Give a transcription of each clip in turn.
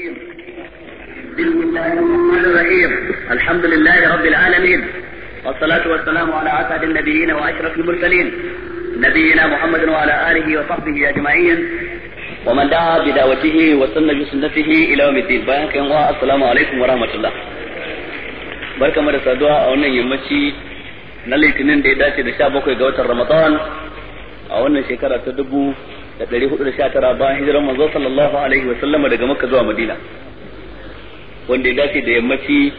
الرجيم بسم الله الرحمن الرحيم الحمد لله رب العالمين والصلاة والسلام على أسعد النبيين وأشرف المرسلين نبينا محمد وعلى آله وصحبه أجمعين ومن دعا بدعوته وسن بسنته إلى يوم الدين بارك السلام عليكم ورحمة الله بارك مرة سادوا أو يمشي na litinin da ya dace da sha bakwai ga watan ramadan a wannan shekara ta dubu da ɗari hudu da sha tara bayan hijiran manzo sallallahu alaihi wa sallama daga makka zuwa madina wanda ya dace da yammaci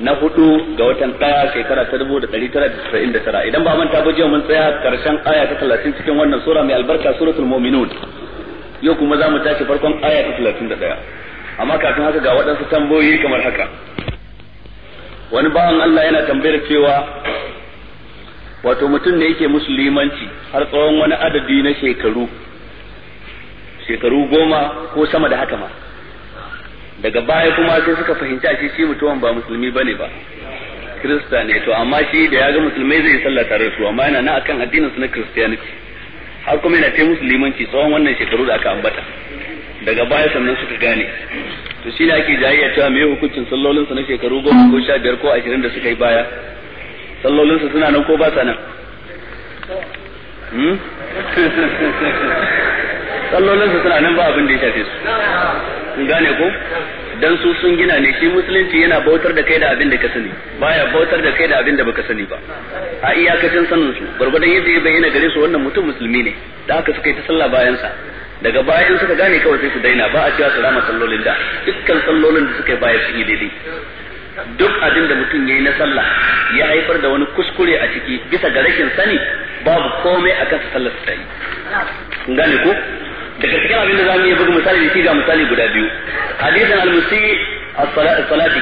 na hudu ga watan ɗaya shekara ta dubu da ɗari tara da tasa'in da tara idan ba manta ba jiya mun tsaya karshen aya ta talatin cikin wannan sura mai albarka suratul mu'minun yau kuma za mu tashi farkon aya ta talatin da ɗaya amma kafin haka ga waɗansu tambayoyi kamar haka wani bawan Allah yana tambayar cewa wato mutum ne yake musulmanci har tsawon wani adadi na shekaru shekaru goma ko sama da haka ma daga baya kuma sai suka fahimci shi shi mutuwan ba musulmi bane ba kirista ne to amma shi da ya ga musulmai zai sallah tare da su amma yana na akan addinin su na christianity har kuma yana taimu musulmanci tsawon wannan shekaru da aka ambata daga baya sannan suka gane to shi ne ake jayayya cewa me hukuncin sallolin su na shekaru goma ko sha biyar ko ashirin da suka yi baya sallolin su suna nan ko ba sa nan hmm? sallolin su suna nan ba abin da ya shafe su kun gane ko dan su sun gina ne shi musulunci yana bautar da kai da abin da ka sani baya bautar da kai da abin da baka sani ba a iyakacin sanin su gurgurdan yadda ya bayyana gare su wannan mutum musulmi ne da haka suka yi ta sallah bayan sa daga bayan suka gane kawai sai su daina ba a cewa su rama sallolin da dukkan sallolin da suka yi baya su yi daidai duk abin da mutum ya yi na sallah ya haifar da wani kuskure a ciki bisa ga rashin sani babu komai a kansa sallar ta yi gane ko daga cikin abin da za mu yi buga misali da shi ga misali guda biyu hadisin al-musi as-salati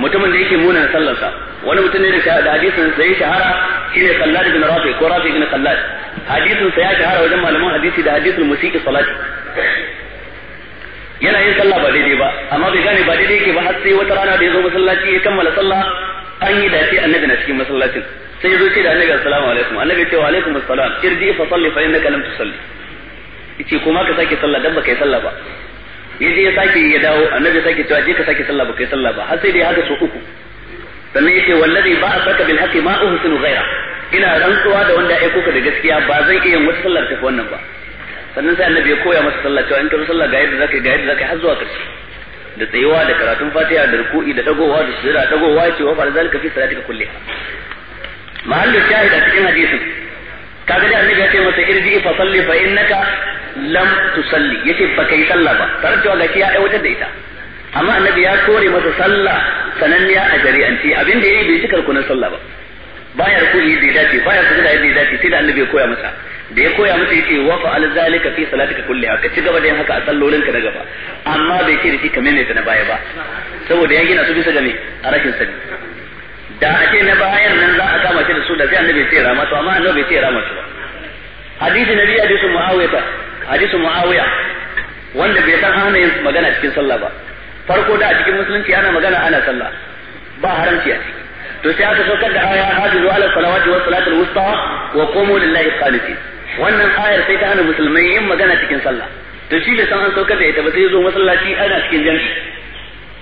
mutumin da yake munan sallarsa wani mutum ne da hadisin sa ya shahara shine Khallad ibn Rafi ko Rafi ibn Khallad hadisin sa ya shahara wajen malaman hadisi da hadisin musiki salati yana yin sallah ba daidai ba amma bai gane ba daidai yake ba har sai wata rana da ya zo masallaci ya kammala sallah an yi dace annabi na cikin masallacin sai ya zo ce da annabi assalamu alaikum annabi ya ce wa alaikum assalam irji fa salli fa innaka lam tusalli yace kuma ka sake sallah dan baka yi sallah ba yaje ya sake ya dawo annabi sake cewa je ka sake sallah baka yi sallah ba har sai dai haka so uku sannan yace wallazi asaka bil haqi ma uhsinu ghaira ina rantsuwa da wanda ya aiko ka da gaskiya ba zan iya yin wata sallar ta wannan ba sannan sai annabi ya koya masa sallah cewa in ka sallah ga yadda zaka ga yadda zaka har zuwa karshe da tsayuwa da karatun fatiha da ruku'i da dagowa da sujada dagowa ce wa fa fi salatika kulliha mahallu shahida cikin hadisin kaga da annabi ya ce masa irji fa salli fa innaka lam tusalli yace ba kai sallah ba tare da gashi ya aiwata da ita amma annabi ya kore masa sallah sananniya a jari'anci abin da yayi bai cika rukunin sallah ba baya yi da dace baya sujuda yi da dace sai da annabi ya koya masa da ya koya masa yace wa fa al zalika fi salatika kulliha ka ci gaba da yin haka a sallolinka na gaba amma bai ce da shi ta na baya ba saboda ya gina su bisa ga me a rashin sani da ake na bayan nan za a kama shi da su da sai annabi tsira masu amma annabi sai rama su ba hadisi nabi hadisin muawiya ta muawiya wanda bai san hana yin magana cikin sallah ba farko da a cikin musulunci ana magana ana sallah ba haramci a ciki to sai aka saukar da aya hadizu ala salawati wa salatul wusta wa qumu lillahi qanitin wannan ayar sai ta hana musulmai yin magana cikin sallah to shi da san an saukar da ita ba sai zo masallaci ana cikin jami'i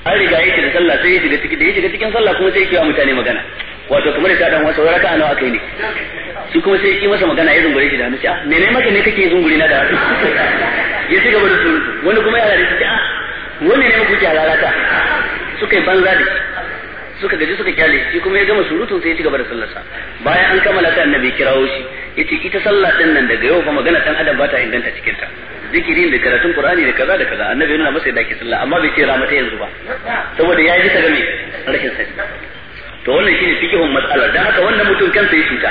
an riga ya shiga sallah sai ya shiga ciki da ya shiga cikin sallah kuma sai ya kiwa mutane magana wato kamar ta dan wasa waraka nawa kai ne shi kuma sai ya masa magana ya zungure shi da hannu ne ne maka ne kake zungure na da hannu ya ci gaba da surutu wani kuma ya rare shi a wani ne kuke halalata suka yi banza da suka gaji suka kyale shi kuma ya gama surutun sai ya ci gaba da sallarsa bayan an kammala ta annabi kirawo shi yace ita sallah din nan daga yau fa magana dan adam ba ta inganta cikin ta zikiri da karatun qur'ani da kaza da kaza annabi yana masa yadda ke sallah amma bai ce ramata yanzu ba saboda ya ta game rashin sani to wannan shine fikihun mas'ala dan haka wannan mutum kansa ya cuta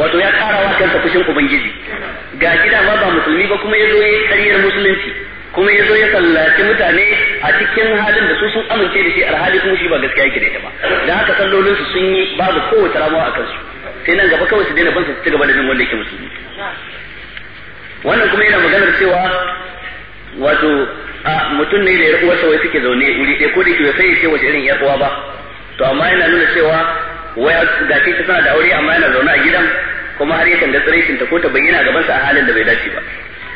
wato ya kara wa kansa fushin ubangiji ga gida ma ba musulmi ba kuma yazo yayi kariyar musulunci kuma yazo ya sallaci mutane a cikin halin da su sun amince da shi alhali kuma shi ba gaskiya yake da ita ba dan haka sallolin su sun yi babu kowace rama a kansu sai nan gaba kawai su daina bansa su ci gaba da jin wanda yake musulmi wannan kuma yana maganar cewa wato a mutum ne da yar'uwarsa wai suke zaune wuri ɗaya ko da ke sai ce wace irin yar'uwa ba to amma yana nuna cewa wai ga ta tana da aure amma yana zaune a gidan kuma har yakan ga tsiraitin ta ko ta bayyana gaban sa a halin da bai dace ba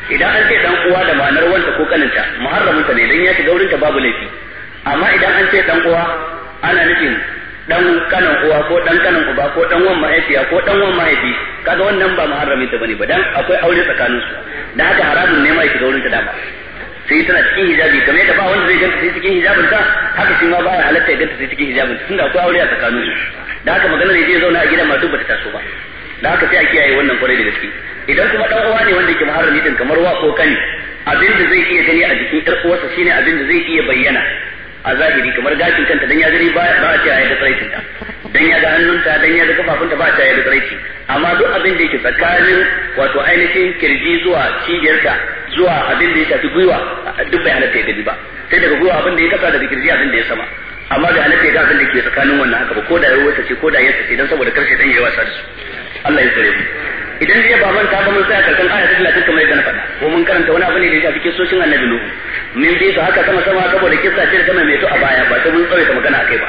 idan an ce dan uwa da ma'anar wanta ko kaninta muharramin ta ne dan ya shiga wurin ta babu laifi amma idan an ce dan uwa ana nufin dan kanan uwa ko dan kanan uba ko dan wan mahaifiya ko dan wan mahaifi kaga wannan ba muharrami ta bane ba dan akwai aure tsakanin su dan haka haramun ne mai shiga wurin ta dama sai tana cikin hijabi kamar yadda ba wanda zai ganta sai cikin hijabin ta haka shi ma ya halatta ya ganta sai cikin hijabin ta tunda akwai aure a tsakanin su dan haka maganar ne zai zauna a gidan ma duk bata taso ba dan haka sai a kiyaye wannan kwarai da gaske idan kuma dan uwa ne wanda yake muharrami din kamar wa ko kani abin da zai iya gani a jikin ɗan uwarsa shine abin da zai iya bayyana a zahiri kamar gashin kanta dan ya gani ba a ce ya da tsaraicin ta dan ya ga hannunta dan ya ga kafafunta ba a ce ya da tsaraici amma duk abin da yake tsakanin wato ainihin kirji zuwa cibiyarta zuwa abin da ya shafi gwiwa duk bai halatta ya gani ba sai daga gwiwa abin da ya kasa daga kirji abin da ya sama amma bai halatta ya ga abin da ke tsakanin wannan haka ba ko da ya wuce ce ko da ya ce dan saboda karshe dan ya wasa da su Allah ya tsare mu idan zai ba manta ba mun tsaya karkan aya ta talatin kamar yadda na faɗa ko mun karanta wani abu ne da ya shafi kisoshin annabi nuhu min bi su haka sama sama saboda kissa ce da ta mai a baya ba sai mun tsare ta magana akai ba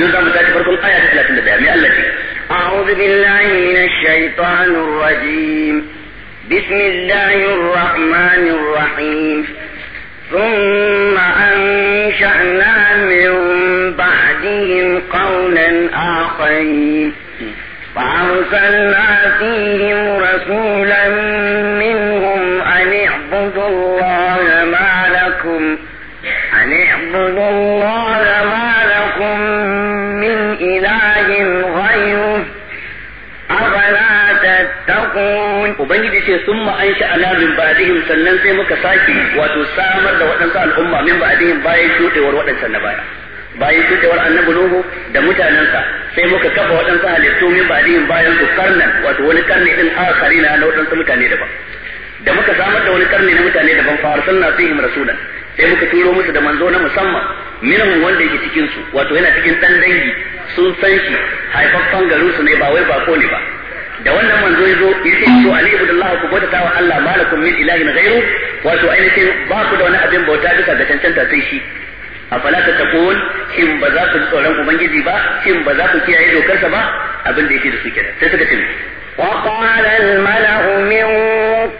yau za mu tashi farkon aya ta talatin da ɗaya mai Allah ce أعوذ بالله من الشيطان الرجيم بسم الله الرحمن الرحيم ثم أنشأنا من بعدهم قولا آخرين فأرسلنا فيهم رسولا منهم أن اعبدوا الله ما لكم أن اعبدوا الله ما لكم من إله غيره أفلا تتقون وبنجد شيء ثم أنشأ أنشأنا من بعدهم سنن كساكي وتسامر وتسامر لوحنا الأمة من بعدهم بايشوء ورؤنا سنبايا bayan shudewar annabi Nuhu da mutanensa sai muka kafa waɗansu halittu min dihin bayan su karnan wato wani karni din akari na na waɗansu mutane daban da muka samar da wani karni na mutane daban fa arsalna fihim rasulan sai muka turo musu da manzo na musamman minhum wanda yake cikin su wato yana cikin dan dangi sun san shi haifaffan garin su ne ba wai ba ne ba da wannan manzo yazo yace to ali ibn Allah ku bauta wa Allah malakum min ilahin ghairu wato ainihin ba ku da wani abin bauta duka ga cancanta sai shi afala ta taqul shin ba za ku tsoron ubangiji ba shin ba za ku kiyaye dokarsa ba abin da yake da su kenan sai suka tafi وقال الملأ من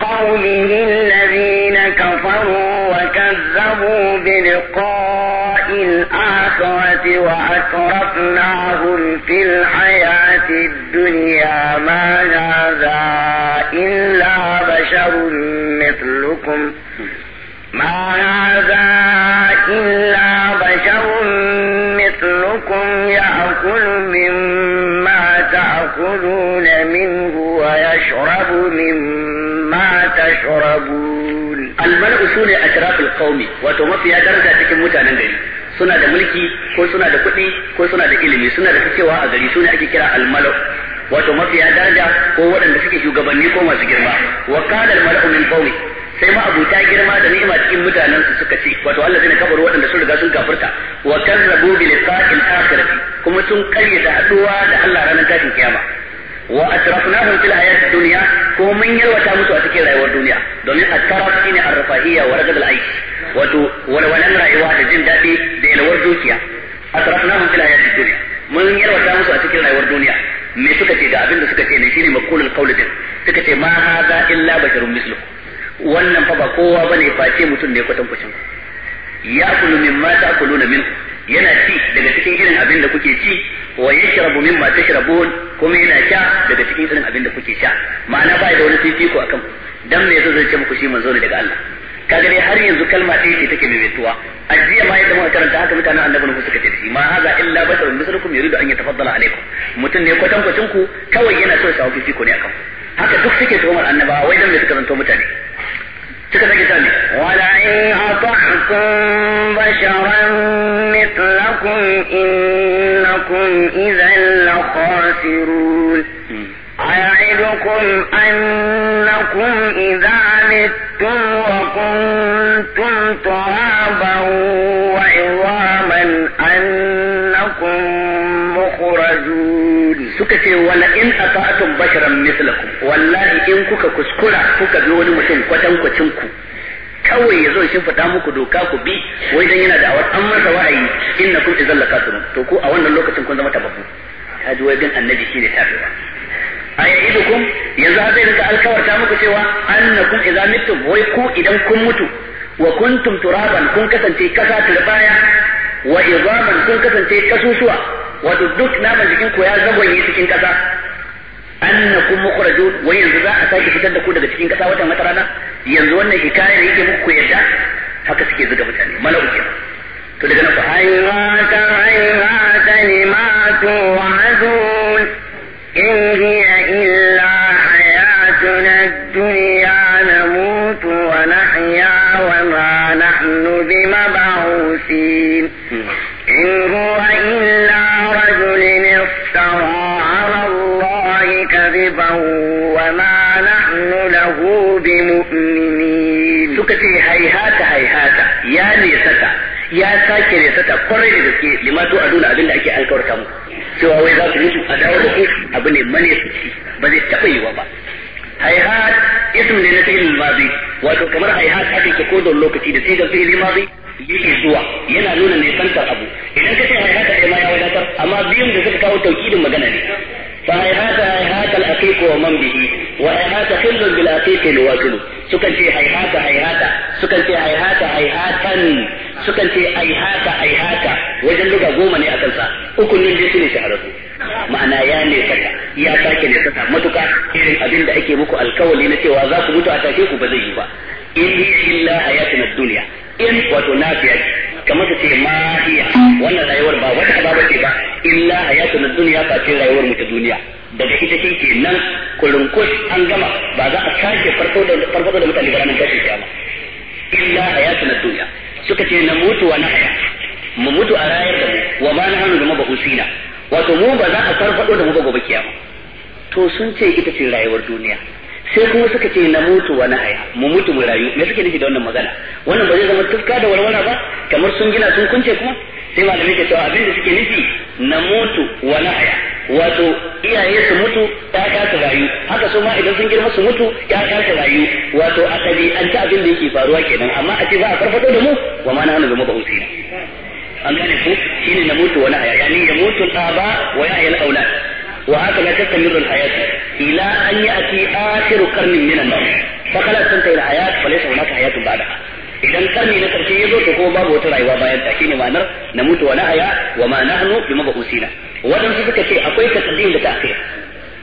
قومه الذين كفروا وكذبوا بلقاء الآخرة وأترفناهم في الحياة الدنيا ما هذا إلا بشر مثلكم ما هذا إلا بشر مثلكم يأكل مما تأكلون منه ويشرب مما تشربون المرء سنة أشراف القوم وتمطى درجة كموتا نجري سنة الملك كل سنة كتني كل سنة إلمي سنة كتوى أدري سنة كتوى المرء wato mafiya daraja ko waɗanda suke shugabanni ko masu girma wa sai ma abuta girma da ni'ima cikin mutanen su suka ce wato Allah zai kafaru waɗanda sun riga sun kafirta wa kazzabu bi liqa'il akhirati kuma sun karya da haduwa da Allah ranar tashin kiyama wa asrafnahum fil hayati dunya ko mun yalwata musu a cikin rayuwar duniya domin at-taraf shine ar-rafahiyya wa ragab al-aish wato walwalan rayuwa da jin daɗi da yalwar dukiya asrafnahum fil hayati dunya mun yalwata musu a cikin rayuwar duniya me suka ce ga abin da suka ce ne shine maqulul qawl din suka ce ma hadha illa basharun mislukum wannan fa ba kowa bane ba ce mutum ne kwatan kucin ya kulu min ma na min yana ci daga cikin irin abin da kuke ci wa ya shirabu min ma tashrabun kuma yana sha daga cikin irin abin da kuke sha ma'ana ba da wani fifiko akan dan me yasa zai ce muku shi manzo ne daga Allah kaga dai har yanzu kalma ɗaya ce take maimaituwa ajiya ma yadda muka karanta haka mutanen annabi ku suka ce da shi ma haza illa basarun mislukum yuridu an yatafaddala alaikum mutum ne kwatan kwacin ku kawai yana so ya shawo fifiko ne akan ku haka duk suke tuhumar annabawa wai dan me suka zanto mutane suka sake sani wala in ata'tum basharan mitlakum innakum idhan la khasirun أيعدكم أنكم إذا متم وكنتم ترابا وعظاما أنكم suka ce wala in ata'atum basharan mislakum wallahi in kuka kuskura kuka bi wani mutum kwatankwacin ku kawai ya zo shi fada muku doka ku bi wai dan yana da awar an masa wa'ayi innakum idzal lakasirun to ku a wannan lokacin kun zama tababu ta ji wai bin annabi shine tafiwa a ya'idukum yanzu har zai rika alkawarta muku cewa annakum idza mittum wai ku idan kun mutu wa kuntum turaban kun kasance kasa turbaya wa izaman kun kasance kasusuwa wato duk naman jikin ku ya zagwanye cikin kasa annakum mukhrajun wai yanzu za a sake fitar da ku daga cikin kasa watan wata rana yanzu wannan hikaya da yake muku yadda haka suke zuga mutane mala'u kenan to daga nan fa hayrata hayrata lima tu'adun in ya nesata ya sake nesata kwarai da gaske limatu a duna abin da ake alkawarta mu cewa wai za su mutu a dawo da su abu ne ci ba zai taɓa yiwa ba haihat ism ne na fi'il mazi wato kamar haihat aka ke don lokaci da sigar fi'il mazi yake zuwa yana nuna nisantar abu idan ka ce haihat a ma ya wadatar amma biyun da suka kawo taukidin magana ne فهيهات هيهات الأقيق ومن به وهيهات خل بالأقيق الوجل سكن في هيهات هيهات سكن في هيهات هيهاتا سكن في هيهات هيهات وجن لغة goma ne a kansa uku ne dai sune shahararru ma'ana ya ne saka ya sake ne saka matuka irin abin ake muku alkawali na cewa za ku mutu a take ku ba zai yi ba in illa hayatun duniya in wato nafiya kamar su ce ma wannan rayuwar ba wata ba illa na duniya ba ce rayuwar mu ta duniya daga ita ce ke nan ko an gama ba za a sake farko da farko da mutane ranar tashin kiyama illa na duniya suka ce na mutu wa na haya mu mutu a rayar da mu wa ma na hannu da sina wato mu ba za a farfado da mu ba gobe kiyama to sun ce ita ce rayuwar duniya sai kuma suka ce na mutu wa na haya mu mutu mu rayu me suke nufi da wannan magana wannan ba zai zama tuska da walwala ba kamar sun gina sun kunce kuma sai malamai ke cewa abin da suke nufi na mutu wa nahaya wato iyaye su mutu ya su rayu haka su ma idan sun girma su mutu ya su rayu wato a an ta abin da yake faruwa kenan amma a ce za a farfado da mu wa ma na hannu zama ba usina an gane ku shine na mutu wa nahaya yani da mutu aba wa ya'ya al-aulad wa haka na tastamiru al-hayat ila an yi ya'ti akhiru qarnin min an-nas fa khalas tanta al-hayat fa laysa hunaka hayatun ba'daha idan karni na karshe ya zo to ko babu wata rayuwa bayan ta shine ma'anar na mutu na haya wa ma nahnu bi mabusina wadansu suka ce akwai takaddim da ta'khir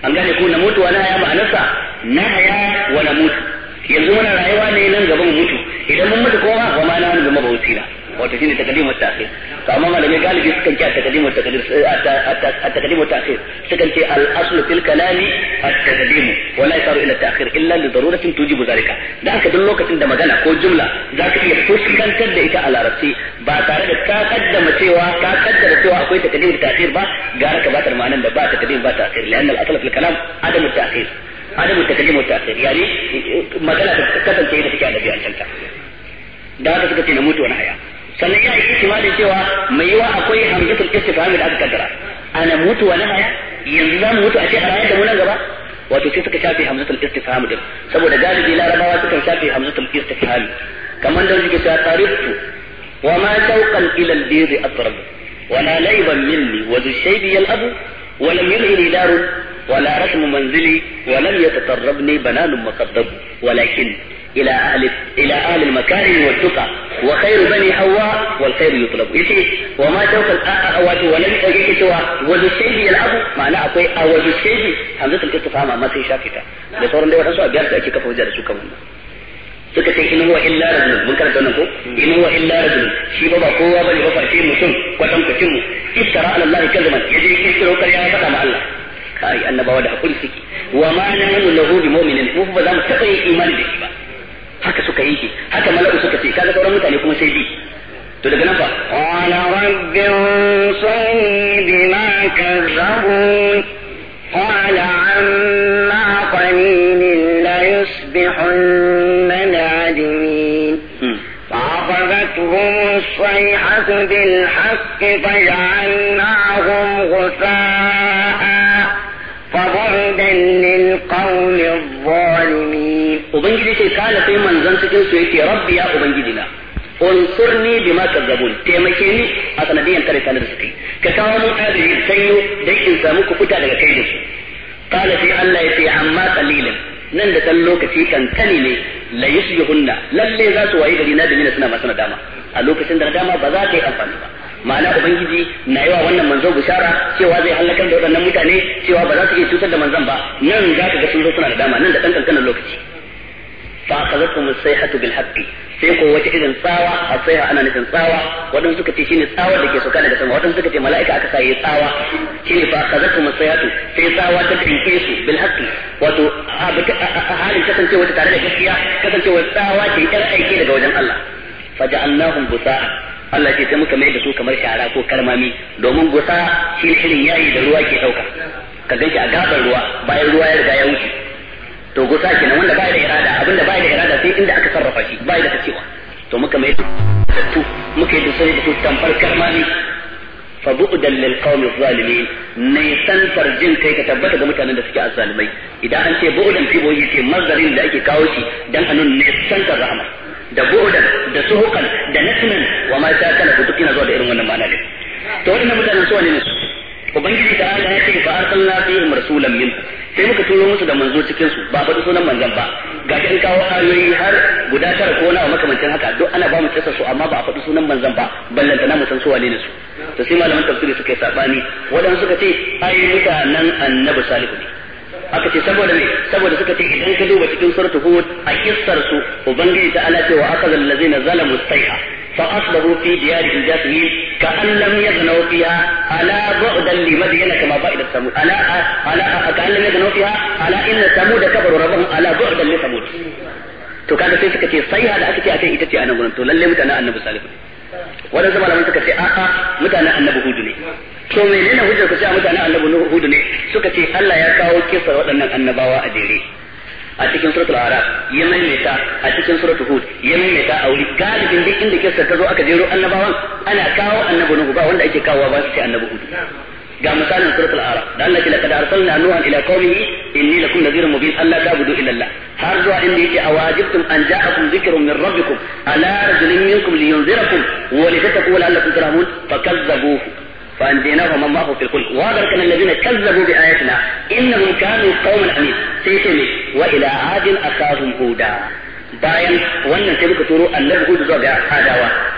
an gane ko na mutu wa na haya sa na haya wa na mutu yanzu muna rayuwa ne nan gaba mutu idan mun mutu kowa wa ma nahnu bi mabusina wato shine taqdim wa ta'khir to amma malamai galibi sukan ce at-taqdim wa ta'khir at-taqdim wa ta'khir sukan ce al-asl fil kalami at-taqdim wa la yasaru ila at-ta'khir illa li daruratin tujibu zalika da aka duk lokacin da magana ko jumla zaka iya fuskantar da ita a larabci ba tare da ka kaddama cewa ka kaddara cewa akwai taqdim wa ta'khir ba gara ka batar ma'anan da ba taqdim ba ta'khir lianna al-asl fil kalam adam at-ta'khir adam at-taqdim wa ta'khir yani magana ta kasance da take da bi'an da haka suka ce na mutu wani haya sannan ya yi ihtimali cewa mai yiwa akwai hamzatul istifham da aka kaddara ana mutu wa nahaya yanzu za mu mutu a ce a rayar da mu nan gaba wato sai suka shafe hamzatul istifham din saboda galibi larabawa suka shafe hamzatul istifham kamar da suke cewa tarihtu wa ma shauqan ila al-birri atrab ولا ليبا مني وذو الشيب يلعب ولم يلهني دار ولا رسم منزلي ولم يتطربني بنان مقدر ولكن الى اهل الى اهل المكارم والتقى وخير بني حواء والخير يطلب يتي وما توقع اواته ولم يكتوا وزسيه يلعب معنى اقوي اوزسيه حمزة الاتفاهم ما تيشاكتا لصورا دي ورسوا بيارتا اكي كفو جارة سوكا منا سكا ان هو الا رجل من كانت ان هو الا رجل شي بابا قوة بني غفر كي مسلم وتم كتمو افترى على الله كذبا يجي افتروا كريا فتا مع الله كاري ان بوادح كل سكي وما نعمل له بمؤمن وفبا زام سكي ايمان بكي haka suka yi shi haka mala'u suka ce kaga sauran mutane kuma sai bi to daga nan fa qala rabbi sunni bima kazzabun qala amma qalilin la yusbihun nadimin فأخذتهم الصيحة بالحق فجعلناهم غثاء ubangiji ce kana sai manzon cikin su yake rabbi ya ubangiji na unsurni bima kazzabun taimake ni a sanadiyan kare salar da suka yi ka kawo mun adadin sanyo dan in samu kukuta daga kai da su qala sai Allah ya ce amma qalilan nan da dan lokaci kankani ne la yusbihunna lalle za su waye gari na da suna masu nadama a lokacin da nadama ba za ta yi amfani ba ma'ana ubangiji na yawa wannan manzo bishara cewa zai halakar da waɗannan mutane cewa ba za su iya cutar da manzon ba nan za ka ga sun zo suna nadama nan da dan kankanin lokaci fa akhadathum as bil haqqi sai ko wata irin tsawa a tsaya ana nufin tsawa wadanda suka ce shine tsawa da ke sauka daga sama wadanda suka ce mala'ika aka sai tsawa shine fa akhadathum as-sayhatu sai tsawa ta dinke su bil haqqi wato a halin kasance wata tare da gaskiya kasancewa tsawa ce yar aiki daga wajen Allah faja'alnahum busa'a Allah ce sai muka mai da su kamar shara ko karmami domin gusa shi irin yayi da ruwa ke dauka ka ganki a gabar ruwa bayan ruwa ya riga ya wuce to gusa nan wanda ba da irada abinda ba da irada sai inda aka sarrafa shi ba da tacewa to muka mai da tu muka yi dusari da su tamfar karmani fa bu'dan lil qawmi zalimin ne san farjin kai ka tabbata ga mutanen da suke azzalimai idan an ce bu'dan fi boyi ce mazarin da ake kawo shi dan anun ne san rahama da bu'dan da suhukan da nasmin wa ma ta kana ku tukina zuwa da irin wannan ma'ana ne to wannan mutanen su ne ubangiji ta Allah ya ce fa arsalna fihim rasulan minhum sai muka turo musu da manzo cikin su ba faɗi sunan manzon ba ga an kawo ayoyi har guda tara ko na makamancin haka duk ana ba mu kisa su amma ba a faɗi sunan manzon ba ballanta na mu san su wane ne su to sai malaman tafsiri suka yi sabani wadanda suka ce ai mutanen annabi salihu ne aka ce saboda me saboda suka ce idan ka duba cikin suratul hud a kissar su ubangiji ta ala cewa akazal ladzina zalamu sayha فأصبحوا في ديار جاتهم كأن لم يغنوا فيها ألا بعدا لمدين كما بعد ثمود ألا ألا كأن لم يغنوا فيها ألا إن ثمود كبروا ربهم ألا بعدا لثمود to kaga sai suka ce saiha da aka ce ita ce anan to lalle mutanen annabi salihu wadansu malaman suka ce a'a mutanen annabi hudu ne to menene hujjar ku ce mutanen annabi hudu ne suka ce Allah ya kawo kisar waɗannan annabawa a jere a cikin suratul araf ya maimaita a cikin suratul hud ya maimaita a wuri galibin duk inda kirsa ta zo aka jero annabawan ana kawo annabu nuhu ba wanda ake kawo ba sai annabu hud ga misalin suratul araf da Allah ke da kada arsalna nuhan ila qaumihi inni lakum nadhirun mubin alla ta'budu illa Allah har zuwa inda yake awajibtum an ja'akum dhikrun min rabbikum ala rajulin minkum liyunzirakum wa litattaqu la'allakum turhamun fakazzabuhu وأنجيناهم الله في الكل أن الذين كذبوا بآياتنا إنهم كانوا قوما عمين سيسمي وإلى عاد أخاهم هودا باين وأن sai تروا أن annabi hudu zuwa ga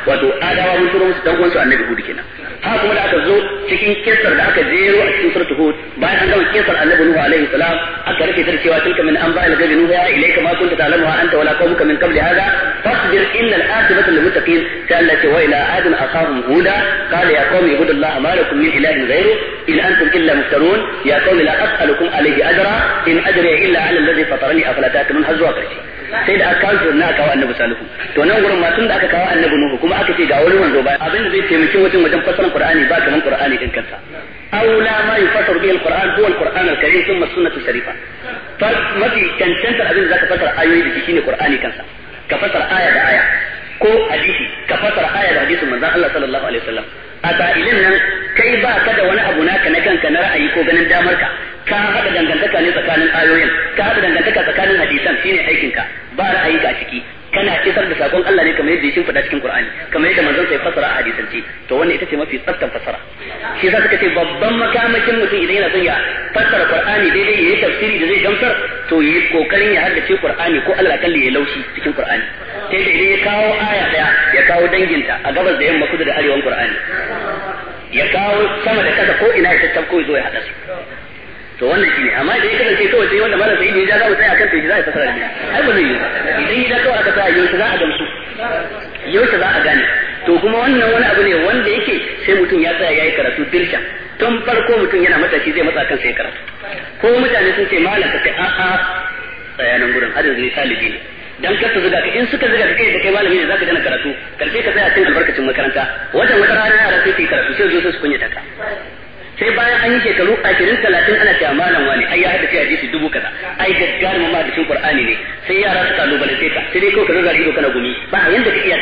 wato adawa mun turo musu dangon su annabi hud kenan haka kuma da aka zo cikin kisar da aka jero a cikin suratul hud bayan an gama kisar annabi nuhu alaihi salam aka rike tar cewa tilka min anba al-ghaibi nuha ilayka ma kunta ta'lamuha anta wala qawmuka min qabli hada fasbir inna al-akhirata lil muttaqin ka kalla wa ila adin aqahum huda qala ya qawmi ibudullaha ma lakum min ilahin ghayru in antum illa muftarun ya qawmi la as'alukum alayhi ajra in ajri illa 'ala alladhi fatarani afala ta'lamun hazwa karshe sai da aka kawo shi na kawo annabi salihu to nan gurin ma tun da aka kawo annabi nuhu kuma aka ce ga wani wanzo ba abin da zai taimaki wajen wajen fasaran qur'ani ba kaman qur'ani din kansa aula ma yufassaru bihi qur'an huwa alquran alkarim thumma sunnatu sharifa fa mafi cancantar abin da zaka fasara ayoyi da shine qur'ani kansa ka fasara aya da aya ko hadisi ka fasara aya da hadisin manzon Allah sallallahu alaihi wasallam a sa'ilin nan kai ba ka da wani abu naka na kanka na ra'ayi ko ganin damar ka ka haɗa dangantaka ne tsakanin ayoyin ka haɗa dangantaka tsakanin hadisan shine aikin ka ba ra'ayi ka ciki kana kisar da sakon Allah ne kamar yadda yake shimfiɗa cikin Qur'ani kamar yadda manzon sai fasara a hadisanci to wannan ita ce mafi tsaftan fasara shi yasa suka ce babban makamakin mutum idan yana son ya fassara Qur'ani daidai yayi tafsiri da zai gamsar to yi kokarin ya haddace Qur'ani ko Allah kalli ya laushi cikin Qur'ani sai da idan ya kawo aya daya ya kawo danginta a gabas da yamma kudu da arewan Qur'ani ya kawo sama da kasa ko ina ya tattauko ya zo ya haɗa su to wannan shi amma da ya kasance kawai sai wanda malam sa'idu ya za mu tsaya akan sai za a fasara ne ai ba zai yi idan ya kawai aka tsaya yau za a gamsu yau za a gane to kuma wannan wani abu ne wanda yake sai mutum ya tsaya ya yi karatu dirsha tun farko mutum yana matashi zai matsa kansa ya karatu ko mutane sun ce malam ka ce aa a tsaya nan gurin adadin ne salibi ne dan kar zuga ka in suka zuga ka kai da kai malami ne zaka dana karatu karfe ka tsaya cikin albarkacin makaranta wajen wata rana yara sai su yi karatu sai zo su kunyata ka sai bayan an yi shekaru ashirin talatin ana cewa malam wani ai ya hada sai hadisi dubu kaza ai gaskiyar mu hadisin qur'ani ne sai yara suka lobale sai ka sai dai kawai ka zaga ido kana gumi ba yanda ka iya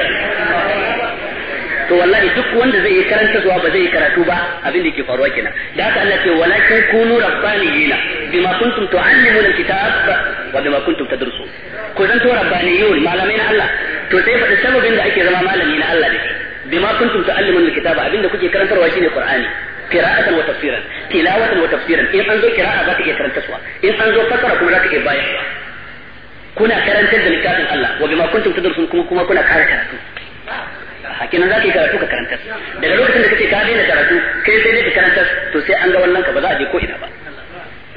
to wallahi duk wanda zai yi karanta zuwa ba zai yi karatu ba abin da ke faruwa kenan da haka Allah ce walakin kunu rabbaniyina bima kuntum tuallimuna alkitab wa bima kuntum tadrusun ko zan to rabbaniyun malamai na Allah to sai fa sababin da ake zama malami na Allah ne bima kuntum tuallimuna alkitab abinda kuke karantarwa shine qur'ani qira'atan wa tafsiran tilawatan wa tafsiran in an zo qira'a za iya karanta suwa in an zo fasara kuma za ka iya bayarwa kuna karantar da littafin Allah wa bima kuntum tadrusun kuma kuma kuna kare karatu hakinan za ka yi karatu ka karantar daga lokacin da kake ka daina karatu kai sai dai ka karantar to sai an ga wannan ka ba za a je ko ina ba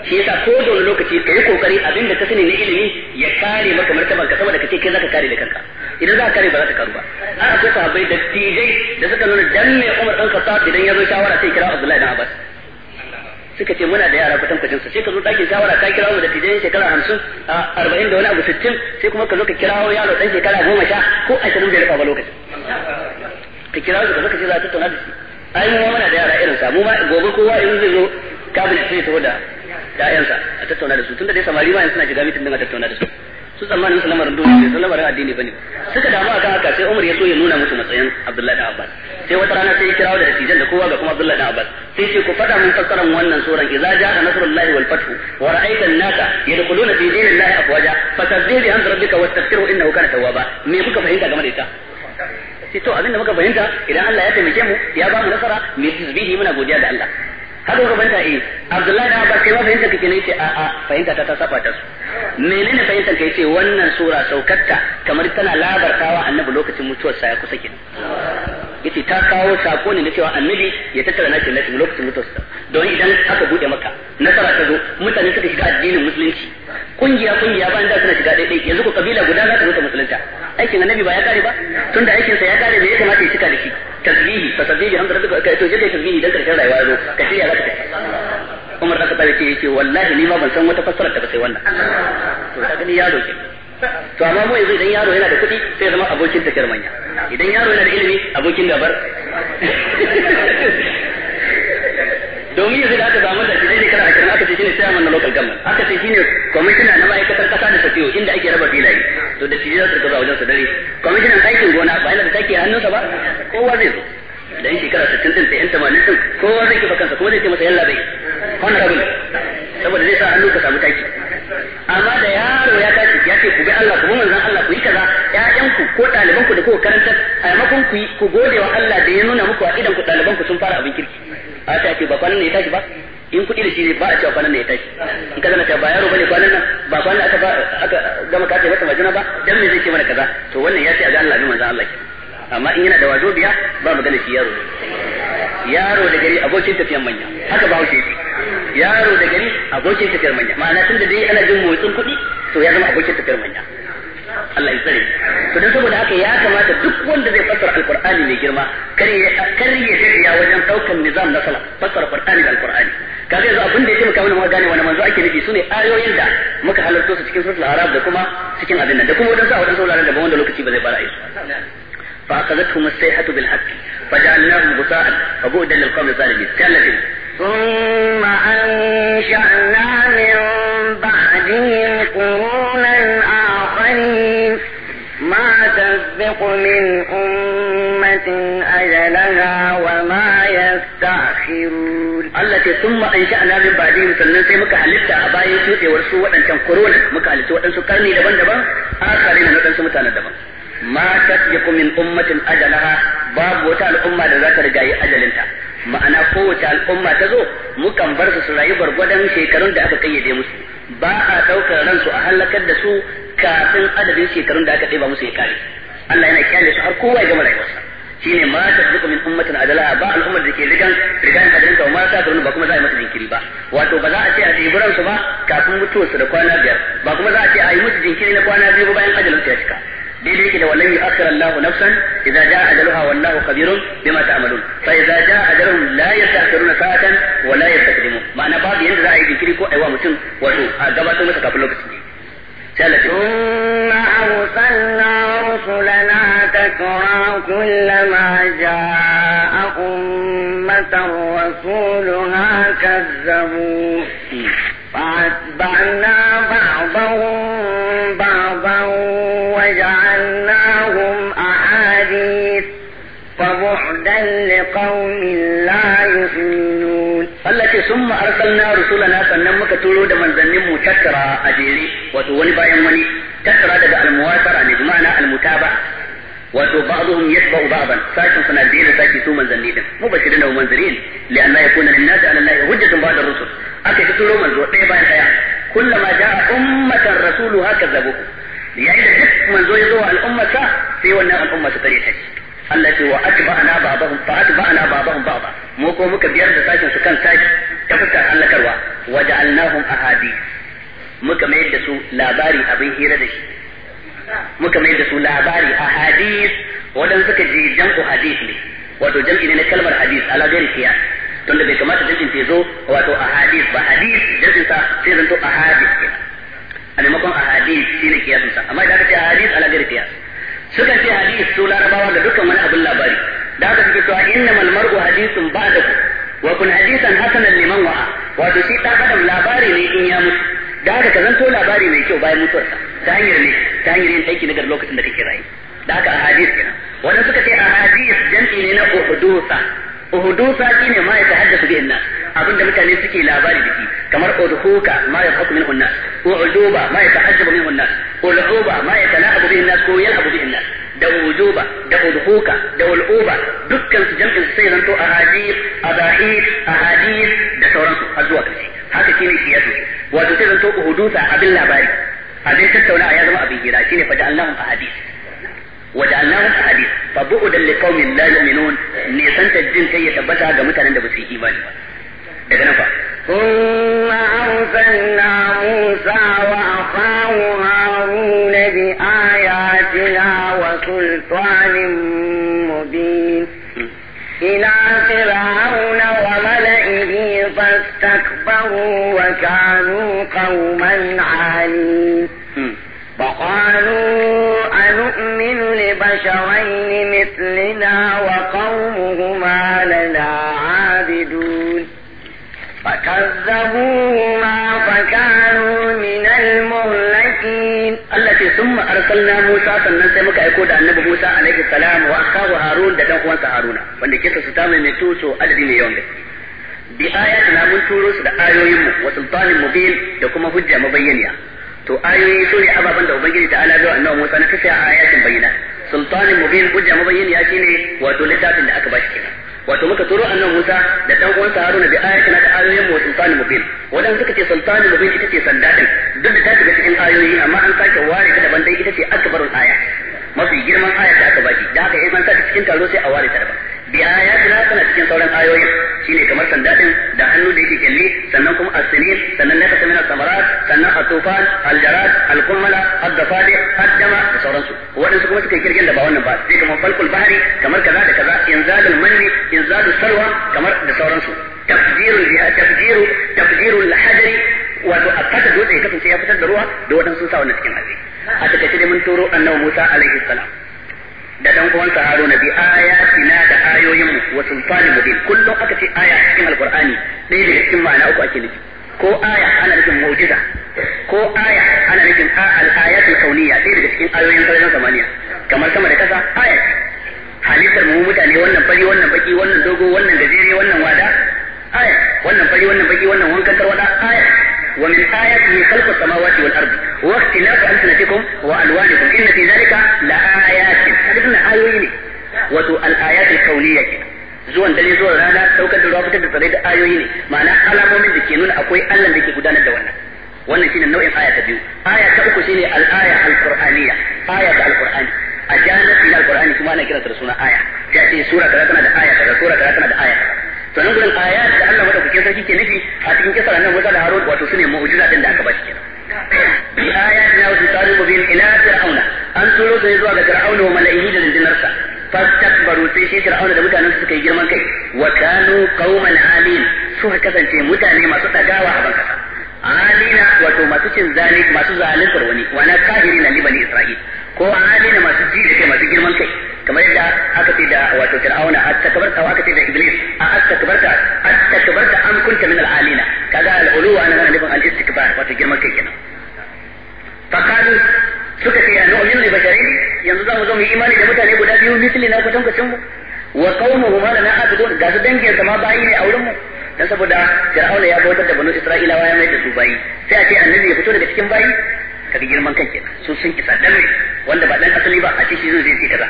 shi yasa ko da wani lokaci kai kokari abin da ka sani na ilimi ya kare maka martaban ka saboda ka ce kai zaka kare da kanka idan za kare ba za ta karu ba a akwai sahabbai da tijai da suka nuna dan mai Umar dan Khattab idan ya zo shawara sai kira Abdullahi dan Abbas suka ce muna da yara kutan kujin su sai ka zo dakin shawara ka kira mu da tijai shekara 50 a 40 da wani abu 60 sai kuma ka zo ka kirawo yaro dan shekara 10 ko 20 bai rufa ba lokaci. ka shi ka zo ka ce za ta tattauna da shi ai mu muna da yara irin sa mu ma gobe kowa in zai zo bi sai ta wada ƴaƴansa a tattauna da su tunda dai samari ma suna shiga mitin din a tattauna da su su tsammanin su lamarin dole ne su lamarin addini bane suka damu akan haka sai Umar ya so ya nuna musu matsayin Abdullahi da Abbas sai wata rana sai ya kirawo da dattijan da kowa ga kuma Abdullahi da Abbas sai ce ku fada mun fassaran wannan suran idza ja'a nasrullahi wal fathu wa ra'aita an-nasa yadkhuluna fi dinillahi afwaja fasabbih bi hamdi rabbika wastaghfirhu innahu kana tawwaba me kuka fahimta game da ita sai to abinda muka fahimta idan Allah ya taimake mu ya ba mu nasara mu tasbihi muna godiya da Allah haka ka fahimta eh Abdullahi da Abbas kai ba fahimta kake ne ce a a fahimta ta ta saba ta su menene fahimtar kai ce wannan sura saukatta kamar tana labartawa annabi lokacin mutuwar sa ya kusa kenan yace ta kawo sako ne na cewa annabi ya tattara na nashi lokacin mutuwar sa don idan aka bude maka nasara ta zo mutane suka shiga addinin musulunci kungiya kungiya ba inda suna shiga daidai yanzu ko kabila guda za ta mutu musulunta aikin annabi ba ya kare ba tunda aikin sa ya kare me ya kamata ya cika da shi tasbihi fa tasbihi hamdu rabbika kai to je tasbihi dan karshen rayuwa zo ka shirya ya zaka Umar da ta yake yake wallahi ni ma ban san wata fassara ta ba sai wannan to ka gani yaro ke to amma mu yanzu idan yaro yana da kuɗi sai zama abokin ta manya idan yaro yana da ilimi abokin gabar domin yanzu da aka samu da shi shekara ashirin aka ce shine chairman na local government aka ce shine kwamishina na ma'aikatar kasa da safiyo inda ake raba filaye to da shi za su wajen su dare kwamishinan aikin gona ba yana da take hannunsa ba kowa zai zo da yan shekara 60 din da yan 80 din kowa zai kifa kansa kuma zai ce masa yalla bai wannan abin saboda zai sa hannu ka samu taki amma da yaro ya tashi ya ce ku bi Allah ku bi manzon Allah ku yi kaza ƴaƴanku ko ɗalibanku da kuka karanta a yamakon ku ku gode wa Allah da ya nuna muku a idan ku ɗalibanku sun fara abin kirki a ta ce ba kwanan ne ya tashi ba in kuɗi da shi ne ba a cewa kwanan ne ya tashi in ka zana ta ba yaro bane kwanan nan ba kwanan aka aka gama kace mata majina ba dan me zai ce mana kaza to wannan ya ce a ga Allah bi manzon Allah kenan amma in yana da wazo biya ba magana shi yaro yaro da gari abokin tafiyan manya haka ba hausa yaro da gari abokin tafiyar manya ma'ana tun da dai ana jin motsin kuɗi to ya zama abokin tafiyar manya Allah ya tsare to dan saboda haka ya kamata duk wanda zai fassara alqur'ani mai girma kar ya kar ya tafiya wajen daukan nizam na sala fassara alqur'ani da alqur'ani kaga yanzu abin da ya taimaka mana mu gane wani manzo ake nufi sune ayoyin da muka halarta su cikin suratul arab da kuma cikin abin nan da kuma wadansu a wadansu wuraren da ban wanda lokaci ba zai fara aiki فأخذتهم السيحه بالحق فجعلناهم غثاء فبعدا للقوم الظالمين كالذين ثم أنشأنا من بعدهم قرونا آخرين ما تسبق من أمة أجلها وما يستأخرون التي ثم أنشأنا من بعدهم sannan sai muka halitta a bayan shuɗewar su waɗancan korona muka halitta waɗansu karni daban-daban akari na ma tasbiqu min ummatin ajalaha babu wata al'umma da za ta rigayi ajalinta ma'ana ko wata al'umma ta zo mukan bar su su rayu gwargwadon shekarun da aka kayyade musu ba a ɗaukar ransu a halakar da su kafin adadin shekarun da aka ba musu ya kare Allah yana kyale su har kowa ya gama rayuwarsa shine ma tasbiqu min ummatin adalaha ba al'ummar da ke rigan rigan adalin ta ma ta ba kuma za a yi masa jinkiri ba wato ba za a ce a ɗebi ransu ba kafin mutuwarsu da kwana biyar ba kuma za a ce a yi musu jinkiri na kwana biyu bayan ajalin ya cika بليك لو لم يؤخر الله نفسا إذا جاء أجلها والله خبير بما تعملون فإذا جاء أجلهم لا يستأخرون ساعة ولا يستقدمون معنى بعض ينزل أي بكريكو ايوا متن وشو هذا أدبا تومس قبل بسنين ثم أرسلنا رسلنا تترى كلما جاء أمة رسولها كذبوا فأتبعنا بعضهم بعضا هدى لقوم لا يؤمنون Allah ce sun ma'arsalna rusulana sannan muka turo da manzannin mu tattara a jere wato wani bayan wani tattara daga almuwasara ne ma'ana almutaba wato ba'dhum yatba'u ba'dan sakin suna da saki su manzanni din mu bashirin da munzirin li anna yakuna lin nasi ala allahi hujjatun ba'da rusul aka ta turo manzo ɗaya bayan ɗaya kullama ja'a ummatan rasuluha kadzabuhu yayin da duk manzo ya zo wa al'ummata sai wannan al'umma ta tare ta Allah ce wa atba'na ba'dahum fa atba'na ba'dahum ba'da mu ko muka biyar da sakin su kan saki ta fuskar halakarwa wa ja'alnahum ahadi muka mayar da su labari abin hira da shi muka mayar da su labari ahadis wadan suka ji ku hadis ne wato jam'i ne na kalmar hadis ala ghairi qiyas da bai kamata jam'in ta zo wato ahadis ba hadis jam'in sa sai zanto ahadis kenan a maimakon ahadis shine kiyasin sa amma idan aka ce ahadis ala gari qiyas suka ce hadis su larabawa da dukkan wani abin labari da haka suke cewa mal mar'u hadisun ba'dahu wa kun hadisan hasanan liman wa'a wato shi ta adam labari ne in ya mutu da aka ka zanto labari mai kyau bayan mutuwarsa ta hanyar ne ta hanyar yin aiki na lokacin da kake rayu da aka hadis kenan wannan suka ce hadis jam'i ne na uhudusa uhudusa shine ma ya tahaddasu bihin nas abinda mutane suke labari da shi kamar udhuka ma ya haku minhu nas uduba ma ya tahajjabu minhu nas uluba ma ya talahabu bihin nas ko yalhabu bihin nas da wujuba da udhuka da uluba dukkan su jam'in sai zanto ahadith adahith ahadith da sauransu har zuwa karshe haka kine shine kiyasu wato sai uhudu uhudusa abin labari abin tattauna ya zama abin hira shine fa da Allahum ahadith وجعلناهم احاديث fa لقوم لا يؤمنون نيسان ne كي ta jin kai ya tabbata ga mutanen ثم أرسلنا موسى وأخاه هارون بآياتنا وسلطان مبين إلى فرعون وملئه فاستكبروا وكانوا قوما عالين فقالوا البشرين مثلنا وقومهما لنا عابدون فكذبوهما فكانوا من المهلكين التي ثم أرسلنا موسى sannan sai muka aiko da annabi Musa alaihi salam wa akahu Harun da dan uwansa Haruna wanda kisa su ta mai tuso adadi ne yawan gaske bi ayatina mun turo su da ayoyinmu wa sultanin mubin da kuma hujja mabayyaniya to ayoyi su ne ababen da ubangiji ta ala zuwa annabi Musa na kashe a ayatin bayyana sultanin mubin hujja mabayyin ya shine wato littafin da aka bashi kenan wato muka turo annan Musa da ɗan uwansa Haruna bi ayatina da ayoyin mu sultanin mubin wadanda suka ce sultanin mubin ita ce sanda din duk da ta shiga cikin ayoyi amma an sake ware ta daban dai ita ce akbarul aya mafi girman aya da aka bashi da haka in an sa cikin taro sai a ware ta daban biya ya ayatina suna cikin sauran ayoyin shine kamar sanda da hannu da yake kyalli sannan kuma as-sinin sannan na kasamina samarat sannan at-tufan al-jarat al-kumala ad-dafadi da sauransu waɗansu kuma suka kirgin da ba wannan ba sai kamar falkul bahari kamar kaza da kaza inzalul manni inzalul salwa kamar da sauransu tafjiru tafjiru tafjiru al wato a fata dutse ya kasance ya fitar da ruwa da waɗansu sa wannan cikin hadisi a takaice dai mun turo annabi Musa alaihi salam da dan uwansa Haruna bi ayatina da ayoyin mu wa sultanin mubin kullum aka ce aya cikin alqur'ani ɗaya daga cikin ma'ana uku ake nufi ko aya ana nufin mu'jiza ko aya ana nufin al-ayatul kauniyya ɗaya daga cikin ayoyin sararin samaniya kamar sama da kasa aya halittar mu mutane wannan fari wannan baki wannan dogo wannan gajere wannan wada aya wannan fari wannan baki wannan wankan tarwada aya ومن آياته خلق السماوات والأرض واختلاف ألسنتكم وألوانكم إن في ذلك لآيات حدثنا آيين وتو الكونية القولية زوان دلي زوان رانا سوكا دلوافة تتريد آيين معنى آية آية ألا آية من ذكينون أقوي ألا ذكي قدان الدوانا وانا shine nau'in آية ta آية aya ta uku shine al-aya al-qur'aniya aya ta al-qur'ani ajana ila al-qur'ani kuma ana kira ta suna aya to nan gurin ayat da Allah kuke sarki ke nufi a cikin kisar nan Musa da Harun wato sune mu'jiza din da aka bashi kenan bi ayatina wa tariqu bil ila fir'auna an turo sai zuwa ga fir'auna wa mala'ihi da rindinarsa fastakbaru sai shi fir'auna da mutanen su suka yi girman kai wa kanu qauman alin suka kasance mutane masu tagawa a banka alina wato masu cin zalik masu zalintar wani wa na kahirina li bani isra'il ko alina masu ji da masu girman kai kamar yadda aka ce da wato fir'auna astakbarta wa aka ce da iblis a astakbarta astakbarta an kunta min al'alina kaga al'uluwa na nan nufin al-istikbar wato girman kai kenan fakalu suka ce ya nu'minu li basharin yanzu zamu zo mu imani da mutane guda biyu misli na kwatan kwatan mu wa qaumuhu ma lana abudun ga su dangin sama bayi ne a wurin mu dan saboda fir'auna ya bautar da banu wa ya mai da su bayi sai a ce annabi ya fito daga cikin bayi kaga girman kai kenan su sun kisa dan ne wanda ba dan asali ba a ce shi zai yi kaza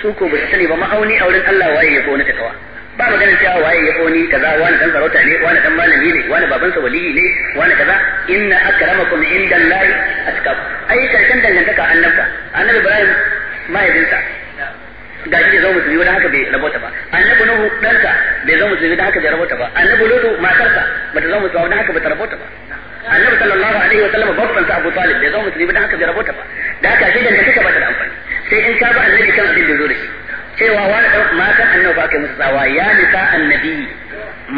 su ko ba su sani ba ma'auni a wurin Allah waye ya ta kawa ba maganin cewa waye ya koni kaza wani dan sarauta ne wani dan malami ne wani baban sa waliyi ne wani kaza inna akramakum indallahi atqakum ai karshen dangantaka annabka annabi Ibrahim mahaifinsa ga shi zo musulmi wani haka bai rabota ba annabi nuhu ɗansa bai zo musulmi wani haka bai rabota ba annabi lutu matarsa bata zo musulmi wani haka bata rabota ba annabi sallallahu alaihi wa sallam babban sa Abu Talib bai zo musulmi da haka bai rabota ba da haka shi dangantaka bata da amfani sai in ka annabi kan abin da zo da shi cewa wani ɗan matan annabi ba kai musu tsawa ya nisa annabi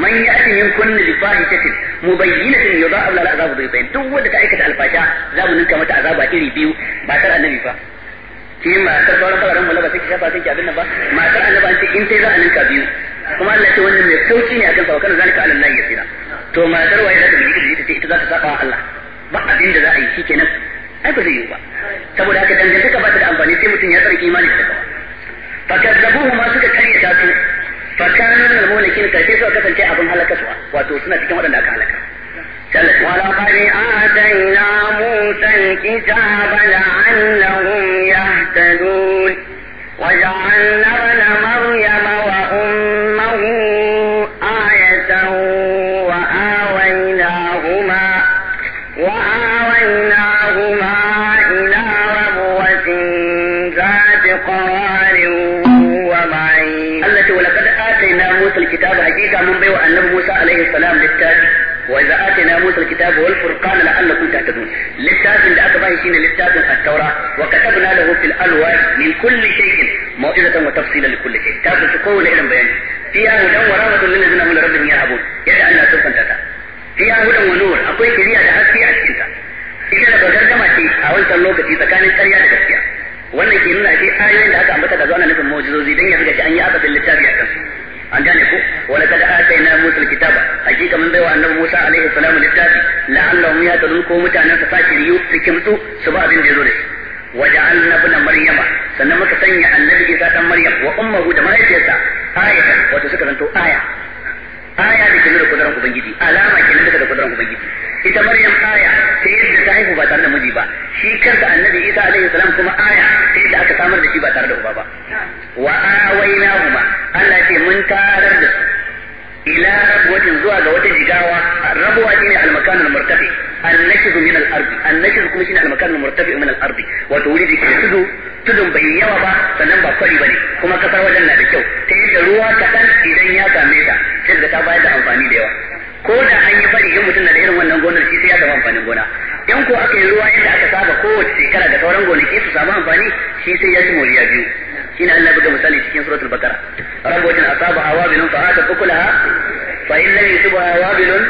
man ati min kunni li fahishatin mubayyinatin yudha'u lil azabu bayyin duk wanda ta aikata alfasha za mu ninka mata azaba iri biyu ba tar annabi fa ki matar sauran fararen mu ba sai ki shafa sai ki abin nan ba matar annabi an ce in sai za a ninka biyu kuma Allah ce wannan mai sauki ne akan saukan zalika alallahi yasira to matar waye za ta bi ta ce ita za ta saba Allah ba abin da za a yi shikenan ai ba zai yi ba saboda haka dangantaka ba ta da amfani sai mutum ya tsare ka sa fakazzabuhu ma suka kare ta su kana na mulkin kace suka kasance abin halakaswa wato suna cikin waɗanda aka halaka ولقد آتينا موسى الكتاب لعلهم يهتدون وجعلنا littafi wa idza atayna musa alkitaba wal furqana la'allakum tahtadun littafin da aka bashi shine littafin at-taura wa katabna lahu fil alwah min kulli shay'in mau'izatan wa tafsilan li kulli shay ta kunshi kowane irin bayani fiha hudan wa rahmatun lil ladzina hum rabbihim yarhabun yadda Allah ya sufanta ta fiha hudan wa nur akwai kiriya da haske a cikin ta ita da a wancan lokaci tsakanin ƙarya da gaskiya wannan ke nuna shi ayoyin da aka ambata da zuwa nufin mu'jizozi dan ya fi shi an yi akadin littafi a kansu an gane ku wala kada atayna musul kitaba hakika mun baiwa annabi Musa alaihi salamu littafi la'allahum yahtadun ko mutanen sa saki riyu cikin su su ba abin da yazo da shi wa ja'alna ibn maryama sannan muka sanya annabi Isa dan maryam wa ummuhu da mahaifiyarsa ayatan wato suka zanto aya aya da kinin da kudaran ubangiji alama kinin da kudaran ubangiji ita maryam aya ta yadda ta haihu ba tare da miji ba shi kansa annabi isa alaihi salam kuma aya ta yadda aka samar da shi ba tare da uba ba wa awainahuma Allah ce mun tarar da su ila rabuwatin zuwa ga wata jigawa rabuwa shine almakanul murtafi annashiz min al-ardi kuma shine almakanul murtafi min al-ardi wato wuri da ke tudu tudun bai yawa ba sannan ba kwari bane kuma kasar wajen na da kyau ta yadda ruwa kadan idan ya same ta sai ta bayar da amfani da yawa ko da an yi bari in mutum na da irin wannan gonar shi sai ya samu amfanin gona in ko aka yi ruwa inda aka saba kowace shekara da sauran gonaki su samu amfani shi sai ya ci moriya biyu na Allah buga misali cikin suratul bakara rabbatin asaba awabilun fa ata ukulaha fa in lam yusibha awabilun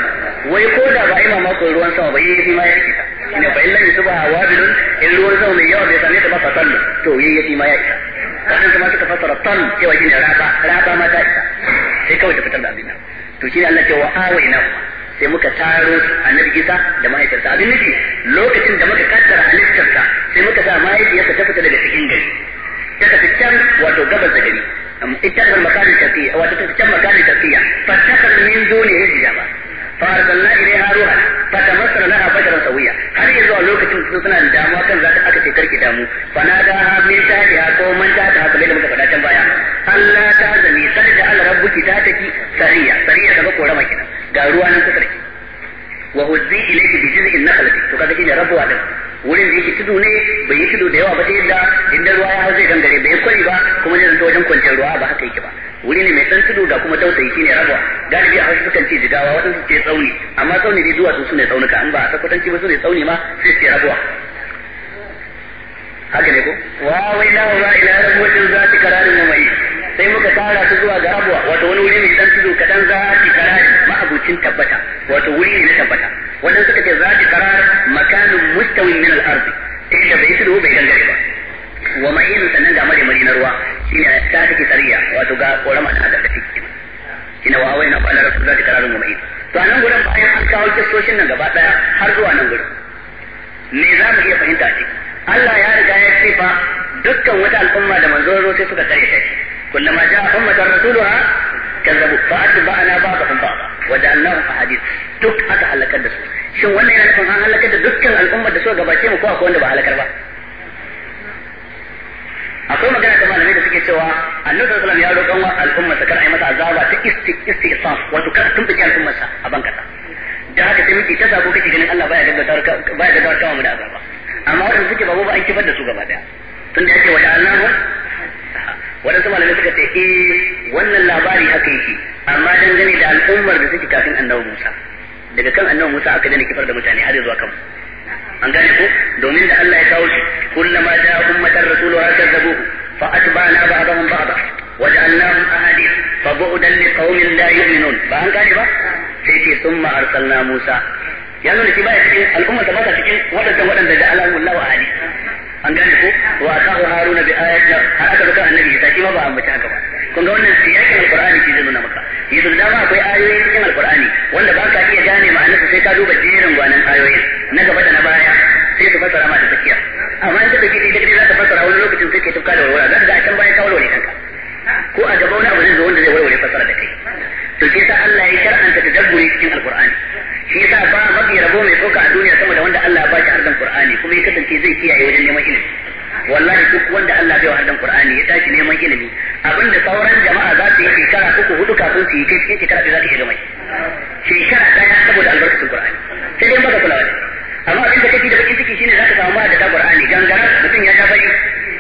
wai ko da ba ima ko ruwan sama ba yi yi ma ya isa ina fa in lam yusibha awabilun in ruwan sama mai yawa bai same ta ba fa tallu to yi fi ma ya isa wannan kuma suka fassara tan cewa shine raba raba ma ta isa sai kawai ta fitar da abin nan to shi Allah ce wa awaina sai muka taro annabi Isa da mahaifinsa abin nufi lokacin da muka kaddara halittarsa sai muka sa mahaifiyarsa ta fita daga cikin gari ta tafi can wato gabas da gari ita da makarin tafiya wato ta tafi can makarin tafiya fa ta min dole ya ba فارسلنا إليها روحا فتمثل لها بشرا سويا هل يزوى لوكة سنة داموا كان ذات أكا ترك دامو فناداها من تحتها قوما تحتها قليلا متفدا تنبايا ألا تعزمي قد جعل ربك تاتك سريع سريع سبق ورمكنا قالوا أنا تترك وهزي إليك بجزء النخلة تقول إن ربوا عليك wurin da yake tudu ne bai yi tudu da yawa ba ta da inda ruwa ya hau zai gangare bai kwari ba kuma zai zanto wajen kwanciyar ruwa ba haka yake ba wuri ne mai ɗan tudu da kuma tausayi shine rabwa galibi a hausa sukan ce jigawa waɗansu ce tsauni amma tsauni ne duwatsu su ne tsaunuka an ba a sakwatanci ba su ne tsauni ma sai ce rabuwa. haka ne ko wa wai na wa ila za ta kararin mu mai sai muka tara su zuwa ga rabuwa wato wani wuri mai ɗan tudu kadan zati kararin ma'abucin tabbata wato wuri ne na tabbata wannan suka ce ta karar makanin mustawin min al-ardi inda bai tudu bai dangare ba wa ma'inu sannan ga mare mare na ruwa shine ta take sariya wato ga korama da aka take ina wa wai na fa'ala rasul zati kararun ma'in to a nan gurin bayan an kawo kistoshin nan gaba daya har zuwa nan gurin me za mu iya fahimta a ciki Allah ya riga ya ce fa dukkan wata al'umma da manzo zo sai suka kare ta kullama ja'a ummatar rasuluha kazzabu fa atba'ana ba'dahum wajen wa ja'alnahum ahadith duk aka halakar da su shin wannan yana nufin an halakar da dukkan al'ummar da suka gabace mu ko akwai wanda ba halakar ba suke cewa annabi sallallahu alaihi wasallam ya roƙon al'umma ta kar a yi masa azaba ta isti istiqsam wato kar tun biki al'umma sa a banka ta da haka sai miki ta sabo kake ganin Allah baya gaggauta baya gaggauta mu da azaba amma waɗanda suke babu ba an kifar da su gaba daya tun da yake wa ta'allahu waɗansu malamai suka ce eh wannan labari haka yake amma dangane da al'ummar da suke kafin annabi Musa daga kan annabi Musa aka dana kifar da mutane har zuwa kan an gane ko domin da Allah ya kawo shi kullama da ummatar rasulu har kazzabuhu فأتبعنا بعضهم بعضا وجعلناهم أحاديث فبعدا لقوم لا يؤمنون فهل كان ثم أرسلنا موسى يعني الكباية تكين الأمة تبقى تكين وضد وضد جعلهم الله أحاديث an gane ko wa akahu haruna bi ayatina har aka baka annabi ta shi ma ba ambaci haka ba kun ga wannan siyakin alqur'ani shi zai nuna maka yanzu da ba akwai ayoyi cikin alqur'ani wanda ba ka iya gane ma'anarsa sai ka duba jerin gwanan ayoyin na gaba da na baya sai su fassara ma da tsakiya amma in ka da kake za ka fassara wani lokacin sai ke tufka da warwara za ka ga a can bayan ka walwale kanka ko a gaba wani abu zai zo wanda zai warware fasara da kai to shi yasa Allah ya shar'anta dabburi cikin alqur'ani shi yasa ba mafi rabo mai soka a duniya sama da wanda Allah ya shi ardan qur'ani kuma ya kasance zai kiyaye wajen neman ilimi wallahi duk wanda Allah bai wa ardan qur'ani ya tashi neman ilimi abinda sauran jama'a za su yi shekara uku hudu kafin su yi kai cikin shekara da za ka iya gama shekara daya saboda albarkatun qur'ani sai dai baka kula amma abin da kake da bakin ciki shine za ka samu ma da qur'ani gangara mutum ya ta bari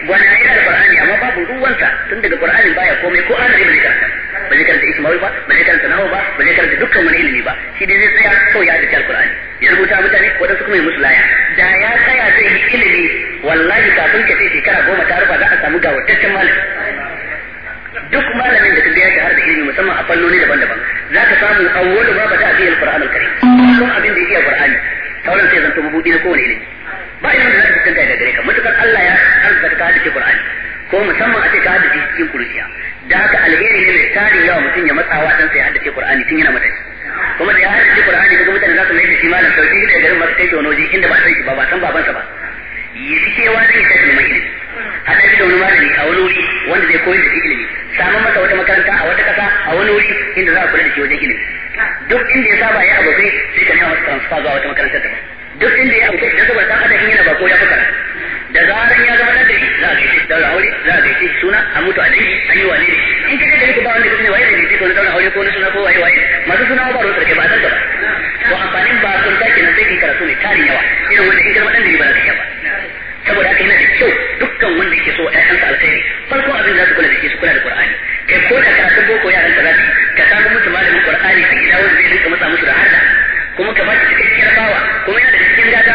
wani ya yi da qur'ani amma babu ruwansa tun daga qur'anin baya komai ko an zai karanta ba ne karanta ismawi ba ba ne karanta nawa ba ba ne karanta dukkan wani ilimi ba shi dai zai tsaya kawai ya haddace alqur'ani ya rubuta mutane waɗansu kuma ya musu laya da ya tsaya zai yi ilimi wallahi kafin ka ce shekara goma ta rufa za a samu gawataccen malami duk malamin da ka biya shahar da ilimi musamman a fannoni daban-daban za ka samu awwalu ma bada fi alqur'an alkarim kullum abin da yake qur'ani sauran sai zanto mabudi na kowane ilimi ba irin da zaka kanta da gare ka mutukar Allah ya arzika ka hadisi Qur'ani ko musamman a ce ka hadisi cikin kuruciya da haka alheri ne mai tsari yawa mutum ya matsawa dan sai ya haddace Qur'ani tun yana matashi kuma da ya haddace Qur'ani kuma mutane za su mai da shi malam sauki da garin masu kai shi wani inda ba sai shi ba ba san sa ba yi shi ya zai kai mai ilimi hada shi da wani malami a wani wuri wanda zai koyi da shi ilimi samun masa wata makaranta a wata ƙasa a wani wuri inda za a kula da shi wajen ilimi duk inda ya saba ya abokai sai ka nema masa transfer zuwa wata makarantar daban duk inda ya auku idan saboda dan adam yana bako ya fuka da zaran ya zama nadari za a dace daura aure za a dace suna a mutu a dai an yi wani in kaje da ku ba wanda kuke waye ne ko da daura aure ko suna ko waye waye masu suna ba ruwa sarki ba dan ba to amfanin ba sun ta kina sai kin karatu ne tarin yawa irin wanda in karma dan da ba za ka ba saboda kai na da kyau dukkan wanda yake so sa alkhairi farko abin da za su kula da shi su kula da Qur'ani kai ko da karatu boko ya ranta ka samu mutum malamin Qur'ani a gida wanda zai rinka masa musu da harda kuma ka ba shi cikakkiyar bawa kuma yana da cikin gata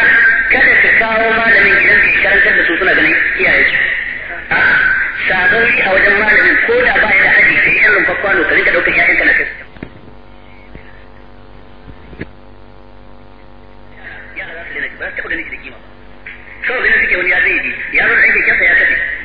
kada ka kawo malamin gidan ka karantar da su suna ganin iyaye su a sabon a wajen malamin ko da ba ya da aji ka yi yan rumfa kwano ka rinka ɗaukar ƴaƴanka na kai yara za su daina ba su taɓa ganin ki da kima ba kawai ganin suke wani ya zai yi ya zo da ake kyansa ya kafe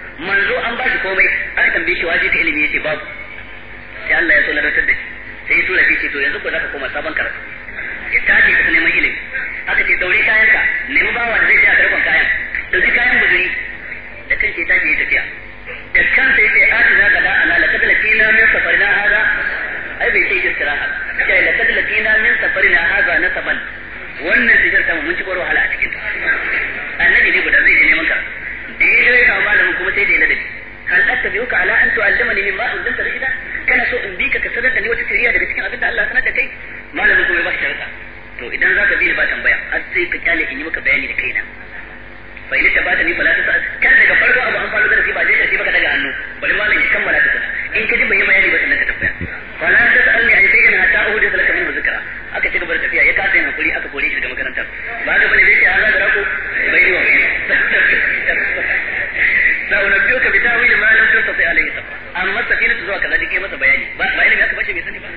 manzo an ba shi komai aka tambaye shi wajibi ilimi yace babu sai Allah ya so da shi sai ya tura shi to yanzu ko zaka koma sabon karatu ya tafi ka neman ilimi aka ce daure kayan ka nemi bawa da zai tsaya karban kayan dauki kayan bujuri da kanke ta je tafiya da kansa a ati zaka da ana la kadala kina min safarina hada ai bai sai ha kai la kadala kina min safarina hada saban wannan sigar ta mun ci wahala a cikin ta annabi ne guda zai je neman karatu da ya shirka malamin kuma sai da ya ladabi hal attabi'uka ala an tu'allimani mimma unzilta rashida kana so in bika ka sanar da ni wata shari'a daga cikin abin da Allah sanar da kai malamin kuma ya ba shirka to idan zaka bi ni ba tambaya har sai ka kyale in yi maka bayani da kaina fa ina tabata ni fala ta sa kan daga farko abu an fara da shi ba dai sai baka daga hannu bari malamin ya kammala ta in ka ji bai bayani ba sannan ka tambaya fala ta sa'alni an shay'in hatta uhdi salaka min zikra aka ci gaba da tafiya ya kasa yin hakuri aka kore shi daga makarantar ba ga bane dai ya ga da rako bai yi wa la unabbiuka bi ta'wili ma lam tuntasi alayhi sabr amma safina a kaza dike masa bayani ba ba ilimi aka bace bai sani ba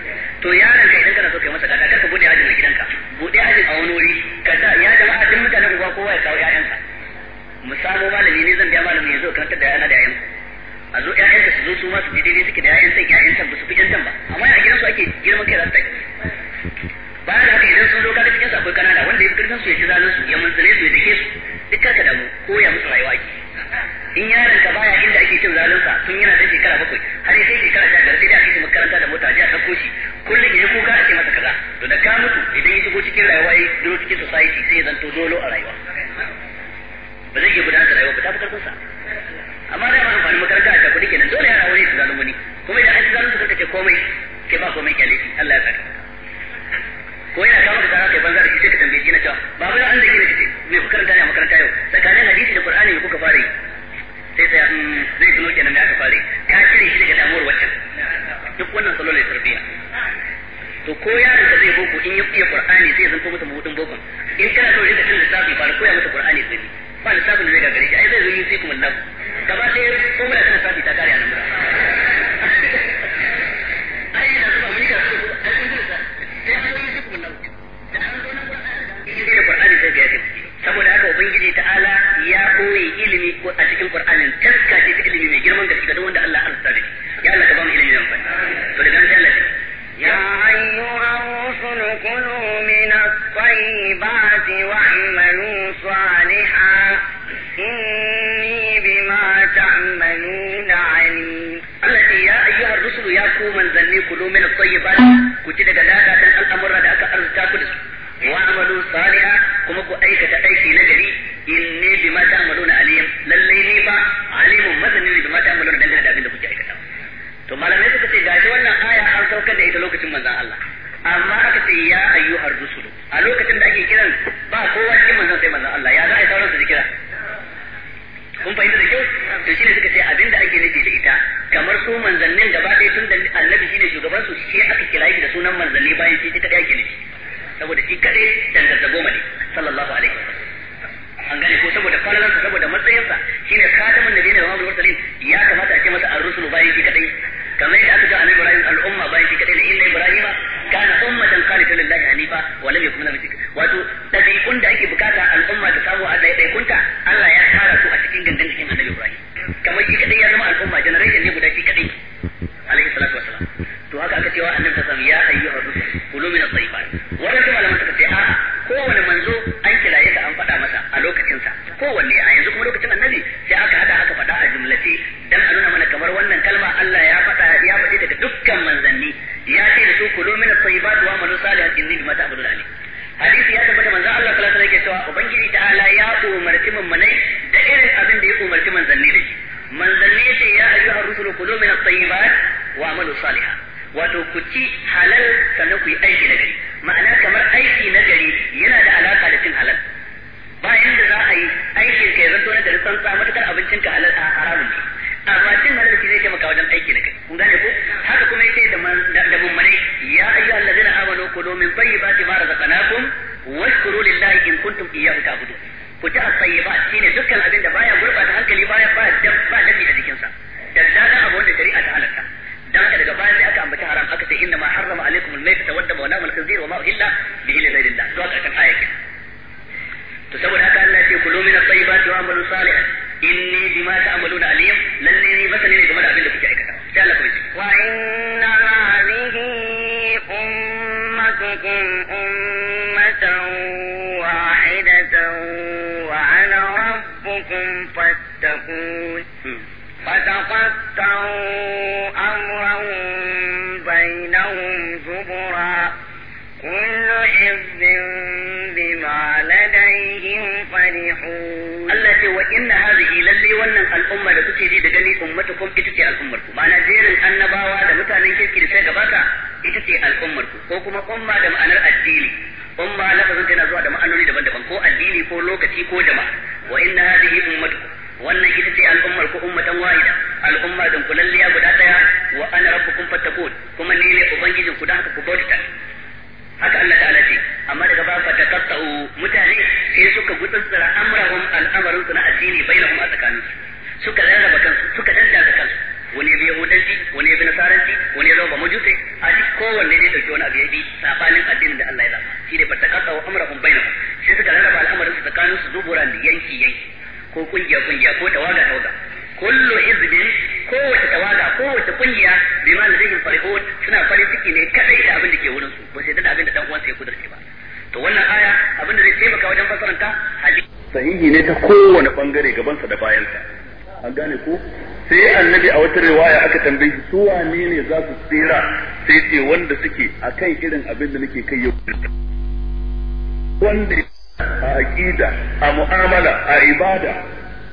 to yaron ka idan kana so masa gada kar ka bude ajin da gidanka bude ajin a wani wuri ka sa ya jama'a duk mutanen unguwa kowa ya kawo ƴaƴansa mu samo malami ne zan biya malami yanzu kan ta da yana da ƴaƴansa a zo ƴaƴansa su zo su ma su suke da ake girman kai bayan haka idan sun zo kaga cikin su akwai kanana wanda ya fi karfin su ya ci su ya munsule su ya dake su duk karka damu ko ya musu rayuwa ake in yaron ka baya inda ake cin sa tun yana da shekara bakwai har sai shekara sha biyar sai da ake shi makaranta da mota jiya ɗauko shi kullum ya kuka ake masa kaza to da ka mutu idan ya shigo cikin rayuwa ya duro cikin society sai ya zanto dolo a rayuwa ba zai iya gudanar da rayuwa ba ta fi sa amma da yawan amfanin makaranta a tafi kenan dole yara wani su zalunci kuma idan an ci zalunci suka ce komai ke ba komai kyale Allah ya sa ko yana kawo da zaka kai banza da kike ka tambaye shi na cewa babu da an da kike kike me ku karanta ne a makaranta yau tsakanin hadisi da qur'ani me kuka fara yi sai sai hmm, zai tuno kenan me aka fara yi ka cire shi daga damuwar waccan duk wannan salo ne tarbiyya to ko yaron da zai boko in ya iya qur'ani sai ya zanto masa mabudin bokon in kana so rika cin lissafi ba koya masa qur'ani sai ba lissafin da zai gagare shi ai zai zo yi sai kuma nan gaba ɗaya ko mura tana lissafi ta kare a nan a cikin Qur'anin taska ce ta ilimi mai girman gaske ga wanda Allah arzuta da ya Allah ka ba mu ilimi mai amfani to da dan Allah ya ayyuha rusul kulu min at-tayyibati amalu salihan inni bima ta'maluna alim Allah ya ayyuha rusul ya ku manzanni kulu min at-tayyibati ku ci daga ladatan al'amura da aka arzuta ku da su wa amalu salihan kuma ku aikata aiki na gari ce wannan aya an saukar da ita lokacin manzon Allah amma aka ce ya ayyuhar rusulu a lokacin da ake kiran ba kowa cikin manzon sai manzon Allah ya za a yi sauran su kira kun fahimta da kyau to shine suka ce abin da ake nufi da ita kamar su manzannin gaba ɗaya tun da annabi shine shugaban su shi aka kira shi da sunan manzanni bayan shi kadai ake nufi saboda shi kadai dangantaka goma ne sallallahu alaihi an gane ko saboda kwalalansa saboda matsayinsa shine khatamun nabiyyi wa mursalin ya kamata a ce masa ar-rusulu bayan shi kadai kamar yadda aka ga annabi Ibrahim al'umma bayan shi kadai da inna Ibrahim kana ummatan qanitan lillahi hanifa wa lam yakun min shirk wato dabi'un da ake bukata al'umma ta samu Allah ya daikunta Allah ya tsara su a cikin gangan cikin annabi Ibrahim kamar shi kadai ya zama al'umma generation ne guda shi kadai alaihi salatu wassalam to haka aka cewa annabi ta alaihi ya ayyuha rusul kulu min at-tayyibat wannan malaman ta ce a'a kowane manzo an kiraye ka an faɗa masa a lokacinsa kowanne a yanzu kuma lokacin annabi sai aka hada aka faɗa a jumlace dan a nuna mana kamar wannan kalma Allah ya faɗa ya faɗi daga dukkan manzanni ya ce da su kulo mina at-tayyibat wa amalu salihan inni mata ta'maluna ali hadisi ya tabbata manzo Allah sallallahu alaihi wasallam yake cewa ubangiji ta'ala ya umarci mummunai da irin abin da ya umarci manzanni da shi manzanni ce ya ayyuha rusulu kulo mina at-tayyibat wa amalu salihan wato ku ci halal sannan ku yi aiki na gari ma'ana kamar aiki na gari yana da alaka da cin halal ba inda za a yi aikin ka ya zanto na gari tsantsa matukar abincin ka halal haramun ne amma cin arziki zai taimaka wajen aiki na kai kun gane ko haka kuma yace da da mummunai ya ayyuhal ladzina amanu kulu min tayyibati ma razaqnakum washkuru lillahi in kuntum iyyahu ta'budun ku ta tayyibat shine dukkan abin da baya gurbata hankali baya ba ba dafi a jikinsa. sa da dada abu wanda shari'a ta halatta dan haka daga baya sai aka ambaci haram aka ce inna ma harrama alaikumul maytata wad dama wa lahmul khinzir wa ma uhilla bihi li ghayrillah to aka kan ayatin to saboda haka Allah ya ce kulu min at-tayyibati wa amalu salihan inni bima ta'maluna alim lalle ni masani ne game da abin da kuke aikata sai Allah kuma wa inna hadhihi ummatukum ummatan wahidatan wa ana rabbukum fattaqun فتقطعوا أمرهم بينهم زبرا كل حزب بما لديهم فرحون Allah ce wa inna hadhihi lalle wannan al'umma da kuke ji da gani ummatukum ita ce al'ummar ku ma'ana jerin annabawa da mutanen kirki da sai gabata ita ce al'ummar ku ko kuma umma da ma'anar addini umma na lafazin tana zuwa da ma'anoni daban-daban ko addini ko lokaci ko jama'a wa inna hadhihi ummatukum wannan ita ce al'ummar ku ummatan wahida al'umma dunkulalliya guda daya wa ana rabbukum fattaqun kuma ni ne ubangijin ku da haka ku bauta haka Allah ta'ala ce amma daga ba ta tattau mutane sai suka gutsutsura amrahum al'amarin su na addini bainahum a tsakanin su suka rarraba kansu suka danda kansu wani bi yahudanci wani ya bi nasaranci wani ya zama majuse a duk kowanne ne dauki wani abu ya bi sabanin addinin da Allah ya zaba shi ne fata tattau amrahum bainahum sai suka rarraba al'amarin su tsakanin su zuburan yanki yanki ko kungiya kungiya ko tawaga tawaga kullu hizbin kowace tawaga kowace kungiya bima ladaihim farihun suna farin ciki ne kadai da abin da ke wurin su ba sai da abin da dan uwansa ya kudurce ba to wannan aya abin da zai taimaka wajen fasaranta hadisi sahihi ne ta kowane bangare gabansa da bayansa an gane ko sai annabi a wata riwaya aka tambaye su wane ne za su tsira sai ce wanda suke akan irin abin da nake kai yau wanda a aqida a mu'amala a ibada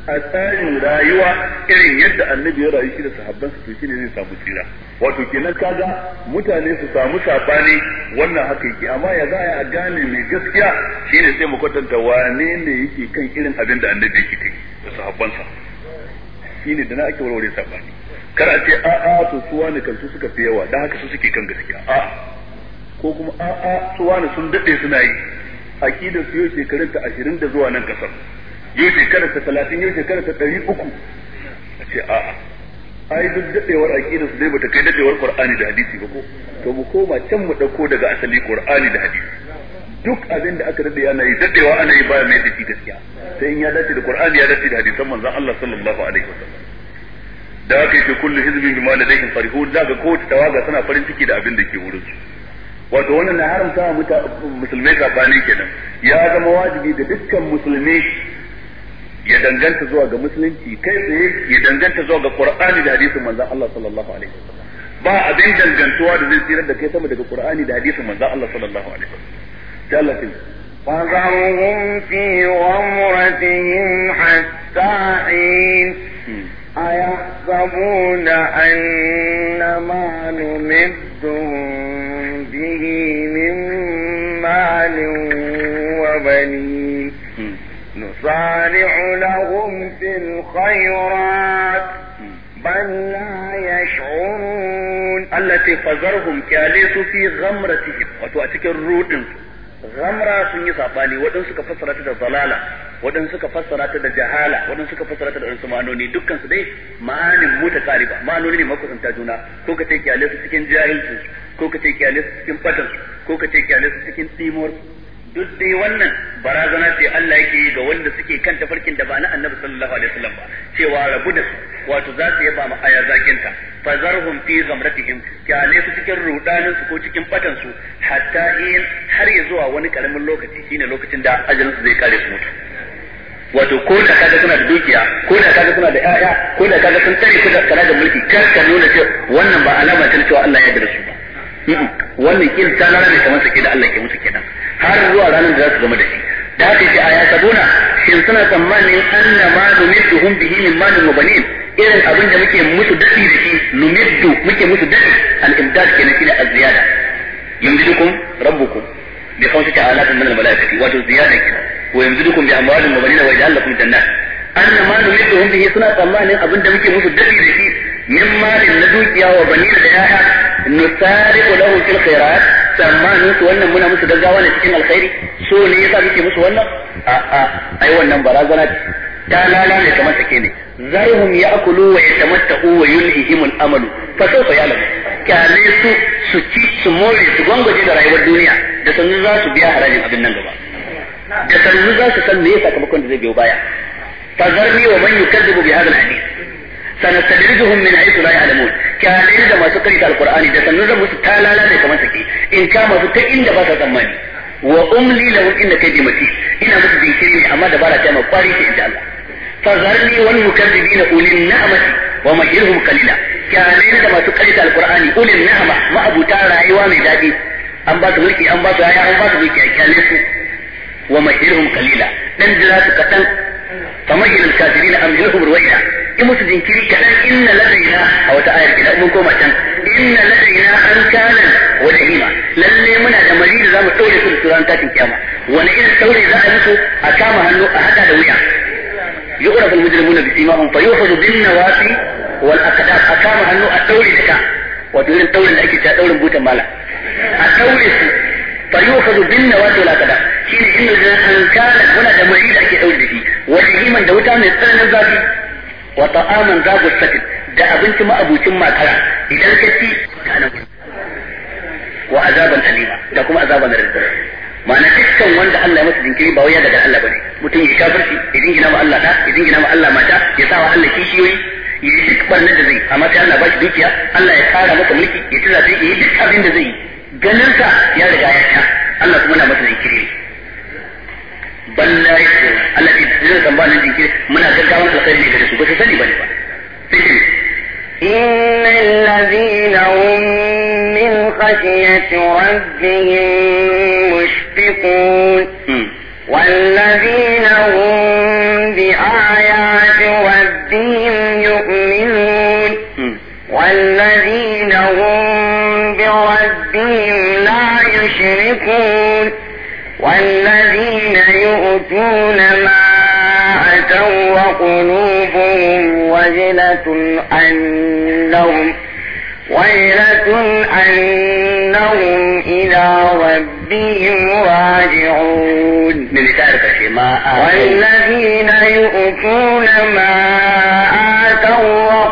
a tsarin rayuwa irin yadda annabi ya rayu shi da sahabbansa to ne zai samu tsira wato kenan kaga mutane su samu sabani wannan haka yake amma ya za a gane mai gaskiya Shi ne sai mu kwatanta wane ne yake kan irin abin da annabi yake kai da sahabbansa ne da na ake warware sabani kar a ce a a to su wani kansu suka fi yawa dan haka su suke kan gaskiya a ko kuma a a su wani sun dade suna yi aqidar su yau shekarun ta 20 da zuwa nan kasar yau shekarar ta talatin yau shekarar ta ɗari uku a ce a'a ai duk daɗewar aƙidar su dai bata kai daɗewar qur'ani da hadisi ba ko to mu koma can mu ɗauko daga asali qur'ani da hadisi duk abin da aka daɗe ana yi daɗewa ana yi baya mai da shi gaskiya sai in ya dace da qur'ani ya dace da hadisan manzon Allah sallallahu alaihi wa wasallam da aka yi kullu hizbin bima ladayhim farihun daga kowace tawaga tana farin ciki da abin da ke wurin su wato wannan na haramta musulmai sabanin kenan ya zama wajibi ga dukkan musulmai ya danganta zuwa ga musulunci kai tsaye ya danganta zuwa ga qur'ani da hadisin manzon Allah sallallahu alaihi wasallam ba abin dangantuwa da zai tsirar da kai sama daga qur'ani da hadisin manzon Allah sallallahu alaihi wasallam sai Allah ya فذرهم في غمرتهم حتى حين أيحسبون أن ما نمدهم به من مال وبنين الصانع لهم في الخيرات بل لا يشعرون التي فزرهم كاليس في غمرتهم وتؤتك الرود غمرة سنية صاباني ودن سكا فسرة الضلالة ودن سكا فسرة الجهالة ودن سكا فسرة العنس معنوني دكان سدي معاني متقاربة معنوني ما كنت تجونا كوكا تيكي عليس سكين جاهل كوكا تيكي عليس سكين بطن كوكا تيكي عليس سكين تيمور duk dai wannan barazana ce Allah yake yi ga wanda suke kan tafarkin da ba na Annabi sallallahu alaihi wasallam ba cewa rabu da su wato za su yaba ma aya zakinta zarhum fi zamratihim kyale su cikin rudanin su ko cikin batan su hatta in har ya zuwa wani karamin lokaci shine lokacin da ajalin su zai kare su mutu wato ko da kaga suna da dukiya ko da kaga suna da ƴaƴa ko da kaga sun tare su kana da mulki kar ka nuna cewa wannan ba alama ce cewa Allah ya yarda su ba wannan kin ta ne kamar sake da Allah ke musu kenan har zuwa ranar da za su gama da shi da haka a aya sabona shin suna tsammanin an na ma hun bihi min ma wa banin irin abin da muke musu dadi da shi numiddu muke musu dadi al-imdad na kila az-ziyada yumdidukum rabbukum bi khamsati ta'ala min al-malaikati wato ziyada kenan wa yumdidukum bi amwalin wa banin wa yaj'al lakum jannat na ma hun bihi suna tsammanin abin da muke musu dadi da shi min malin na dukiya wa bani da yaya nusari'u lahu fil khairat tsammanin su wannan muna musu gaggawa ne cikin alkhairi so ne yasa muke musu wannan a'a ai wannan barazana ce ta lala ne kamar take ne zarhum ya'kulu wa yatamatta'u wa yulhihim al-amalu fa sawfa ya'lamu kyale su su ci su more su gwangwaje da rayuwar duniya da sanin za su biya harajin abin nan gaba da sanin za su san me sakamakon da zai biyo baya fa zarni wa man yukazzibu bi hadha al-hadith sanastadrijuhum min haythu la ya'lamun kyalai da masu karanta alqur'ani da sannan zan musu ta lalata kamar sake in ka masu ta inda ba sa tsammani wa umli lahum inda kaydi mati ina musu jinkiri ne amma dabara ta mai kwari ta inda Allah fazarni wal mukazzibina ulin na'amati wa majruhum qalila kyalai da masu karanta alqur'ani ulil ni'ma ma'abuta rayuwa mai daɗi. an ba su mulki an ba su yaya an ba su mulki a kyalai su wa majruhum qalila dan jira su kadan فمهل الكافرين أمهلهم رويدا in musu jinkiri kaɗan inna ladaina a wata ayar idan mun koma can inna ladaina an kanan wa jahima lalle muna da mari da zamu daure su da turan tashin kiyama wani irin daure za a musu a kama hannu a haɗa da wuya yuqrabu al-mujrimuna bi simahum fa yuhadu bin nawasi wal aqdam a kama hannu a daure da ka wato irin daurin da ake ta daurin butan mala a daure su fa yukhadhu bin nawati wal aqda shi ne inna an kana muna da mai da ake daure shi wa himan da wuta mai tsananin zafi wa ta'aman zagu sakin da abinci ma abucin makara idan ka ci kana wa azaban alima da kuma azaban rizqi ma'ana dukkan wanda Allah ya masa ba wai daga Allah bane mutum ya kafirci ya jingina ma Allah ya jingina ma Allah ya sa wa Allah kishiyoyi ya yi duk barnar da zai amma sai Allah ba shi dukiya Allah ya kara masa mulki ya tura sai ya yi duk abin da zai yi ganinsa ya riga ya sha Allah kuma na masa zikiri ne balla Allah ya zai san nan zikiri muna gaggawan alkhairi ne da su ba su sani bane ba إن الذين هم من خشية ربهم مشفقون والذين هم ينفقون والذين يؤتون ما أتوا وقلوبهم وجلة أنهم ويلة أنهم إلى ربهم راجعون والذين يؤتون ما آتوا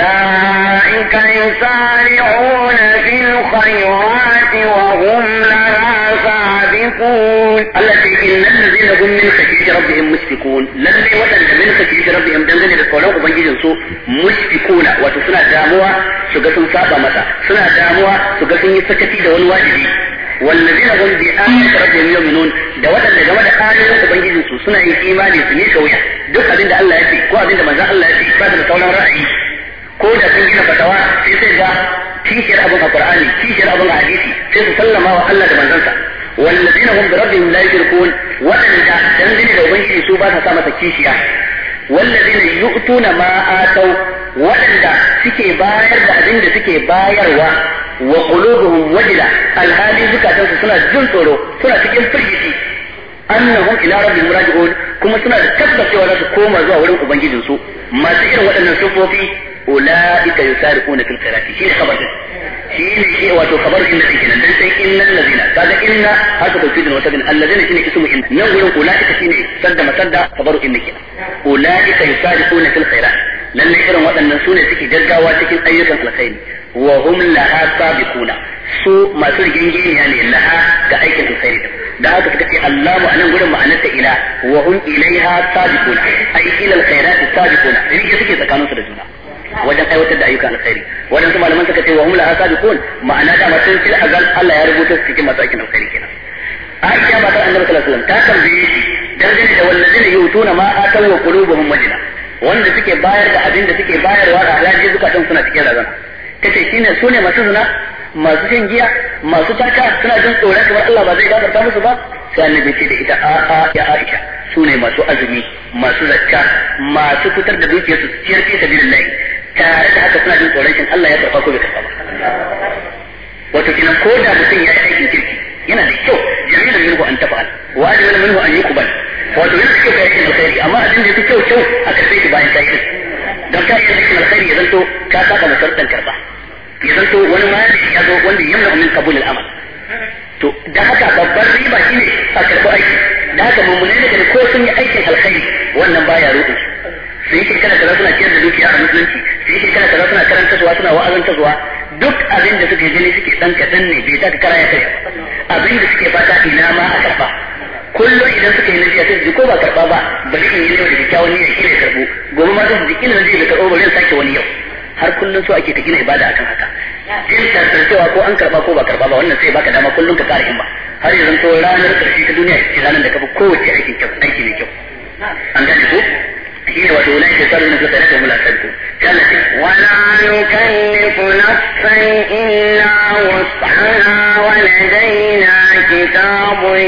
أولئك يسارعون في الخيرات وهم لها سابقون التي إن الذين هم من خشية ربهم مشفقون للي وطن من خشية ربهم دنجل لقولهم وبنجل سوء مشفقون وتسنى داموا سقسم سابا مسا سنى داموا سقسم يسكتي دون واجبي والذين هم بآيات ربهم يؤمنون da waɗanda game da ayoyin ubangijinsu suna yin imani su ne kauya duk abin da Allah ya ce ko abin da manzon Allah ya ce ba da sauran ra'ayi ko da sun gina fatawa sai sai ga tishiyar abin a Qur'ani kishiyar abin a hadisi sai su sallama wa Allah da manzansa wallazina hum bi rabbihim la yushrikun wadanda dangane da ubangiji su ba sa sa masa kishiya wallazina yu'tuna ma atau wadanda suke bayar da abin da suke bayarwa wa qulubuhum wajila alhali zukatansu suna jin tsoro suna cikin firgici annahum ila rabbihim raji'un kuma suna da tabbacewa za su koma zuwa wurin ubangijinsu masu irin waɗannan sufofi ulaika yusariquna fil khairati shi khabar din shi ne shi wato khabar din shi kenan dan sai innal ladina kaga inna haka da kidin wata din alladina shine ismu inna nan gurin ulaika ne sadda masadda khabar inna kenan ulaika yusariquna fil khairat lalle irin waɗannan su ne suke gaggawa cikin ayyukan alkhairi wa hum laha sabiquna su masu rigingeniya ne laha ga aikin alkhairi da haka suka ce Allahu anan gurin ma'anarsa ila wa hum ilaiha sabiquna ay ila alkhairati sabiquna rige suke tsakaninsu da juna wajen aiwatar da ayyukan alkhairi wadansu malaman suka ce wa hum laha sabiqun ma'ana da mutum a azal Allah ya rubuta su cikin masu aikin alkhairi kenan Aisha ta Annabi sallallahu alaihi wasallam ta tambaye shi dangane da wallazina yutuna ma ataw wa qulubuhum majna wanda suke bayar da abin da suke bayarwa da halaji dan suna cikin razana kace shine sune masu zina masu shan giya masu taka suna jin tsoron kamar Allah ba zai gafarta musu ba sai annabi ce da ita a a ya Aisha su ne masu azumi masu zakka masu fitar da dukiyarsu cikin fi sabilillah tare da haka suna jin tsoron shin Allah ya karɓa ko bai karɓa ba wato kinan ko da mutum ya yi aikin kirki yana da kyau jami'in minhu an tafa'al wa ajmal minhu an yuqbal wato yana da kyau ka yi alkhairi amma abin da yake kyau kyau a karɓe shi bayan ka yi don ka yi aikin alkhairi ya zanto ka saka masarautar karɓa ya zanto wani ma ya zo wanda yamna min kabul al'amal to da haka babbar riba shine a karɓi aiki da haka mummunai ne ko sun yi aikin alkhairi wannan baya ruɗin su yi shekara kaza suna ciyar da dukiya a musulunci su yi shekara kaza suna karantarwa suna wa'azantarwa duk abin da suke gani suke dan kaɗan ne bai taka kara ya kai abin da suke fata ina ma a karɓa kullum idan suka yi nasiya sai su ko ba karɓa ba bari in yi yau da kyakkyawan niyyar kila ya karɓo gobe ma su ji kila zai da karɓo bari in sake wani yau har kullum so ake ta gina ibada akan haka jin tartarcewa ko an karba ko ba karba ba wannan sai baka dama kullum ka kara himma har yanzu ranar karshe ta duniya ce ranar da ka fi kowace aikin kyau aiki mai kyau an gane ko shine wato ulai ke sarrafa da tsare kuma lakanku kana ce wala nukallifu nafsan illa wus'aha wa ladaina kitabun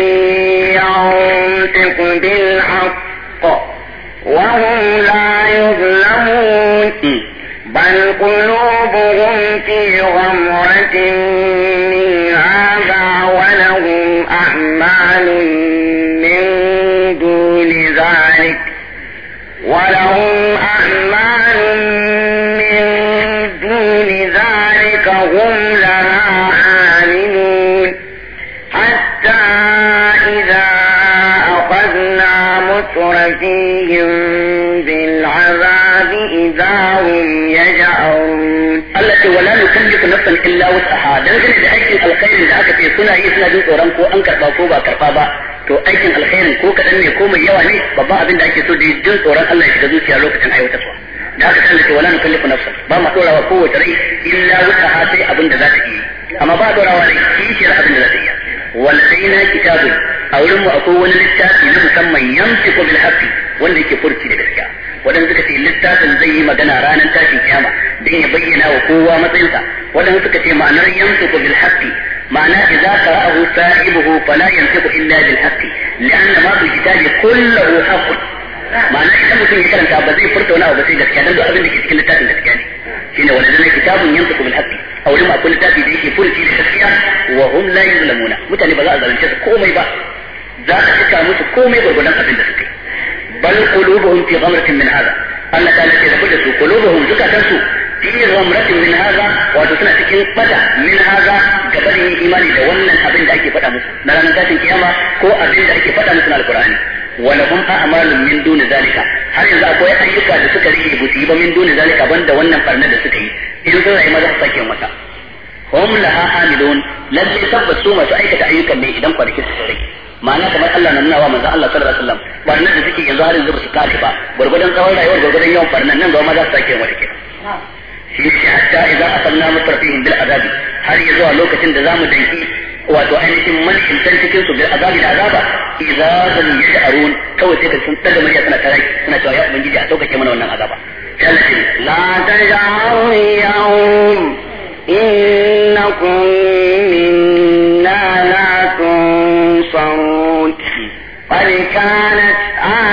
yantiqu bil haqq wa hum la yuzlamun bal qulubuhum fi ghamratin illa wus'aha dangane da aikin alkhairin da aka ce suna yi suna jin tsoron ko an karba ko ba karba ba to aikin alkhairin ko kadan ne ko mai yawa ne babban abin da ake so da jin tsoron Allah ya shiga zuciya lokacin aiwatarwa da aka san cewa lan kullu nafsa ba ma dorawa kowace rai illa wus'aha sai abin da za ta yi amma ba dorawa rai kishiyar abin da za ta yi na kitabun a wurin mu akwai wani littafi na musamman yamtiku bil haqqi wanda yake furci da gaskiya wadanda suka ce littafin zai yi magana ranar tashin kiyama dan ya bayyana wa kowa matsayinsa wadanda suka ce ma'anar yamsuku bil haqqi ma'ana idza qara'ahu sahibuhu fala yamsuku illa bil haqqi li'anna ma fi kitabi kulluhu haqqun ma'ana idan mutum ya karanta ba zai furta wani abu ba sai gaskiya dan duk abin da ke cikin littafin gaskiya ne shine wannan ne kitabun yamsuku bil haqqi aw lima kullu tafi da yake furci da gaskiya wa hum la yuzlamuna mutane ba za a zalunce su komai ba za a cika musu komai gurgudan abin da suka yi bal qulubuhum fi ghamratin min hada Allah ta ce da su qulubuhum zukatan su fi min hada wato suna cikin bada min hada ga barin imani da wannan abin da ake faɗa musu na ranar tashin kiyama ko abin da ake faɗa musu na alqur'ani ولهم أعمال من دون ذلك هل إذا أقوى أيك لسك ريه بسيبة من دون ذلك بند ونن فرنا لسك إذا سنة ما ذا سكي ومتا هم لها عاملون لن تثبت سوما سأيك أيك من إذن قد كسر ma'ana kamar Allah na nuna wa manzo Allah sallallahu alaihi wasallam barnan da suke yanzu har yanzu ba su tashi ba gurgudan tsawon rayuwar gurgudan yawan barnan nan gaba ma za su sake wata kenan yace hatta idza asalna mutrafihim bil azabi har ya zuwa lokacin da zamu danki wato ainihin mulkin tan cikin su bil azabi da azaba idza zan yash'arun kawai sai ka sun daga murya suna taraki suna cewa ya ubangiji a sauƙaƙe mana wannan azaba لا تجعلوا اليوم إنكم قد كانت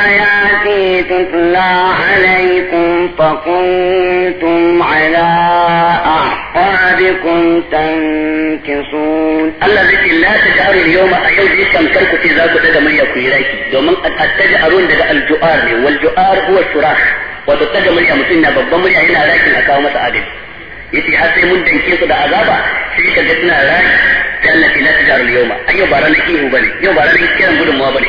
آياتي تتلى عليكم فكنتم على أعقابكم تنكصون الله ذكر لا تجعلوا اليوم أيو جيسا مكركو في ذاك دقا من يكو يرايكي دومن أتجعلون دقا الجؤار والجؤار هو الشراخ وتتجع من يمسنا ببضم يهنا رايكي الأكاومة عدد يتي حتى من تنكيص دا عذابا سيكا جتنا رايكي sai Allah ce la tajaru al-yawma ayyo ba ranar ihu bane yau ba ranar kiran gudunmawa bane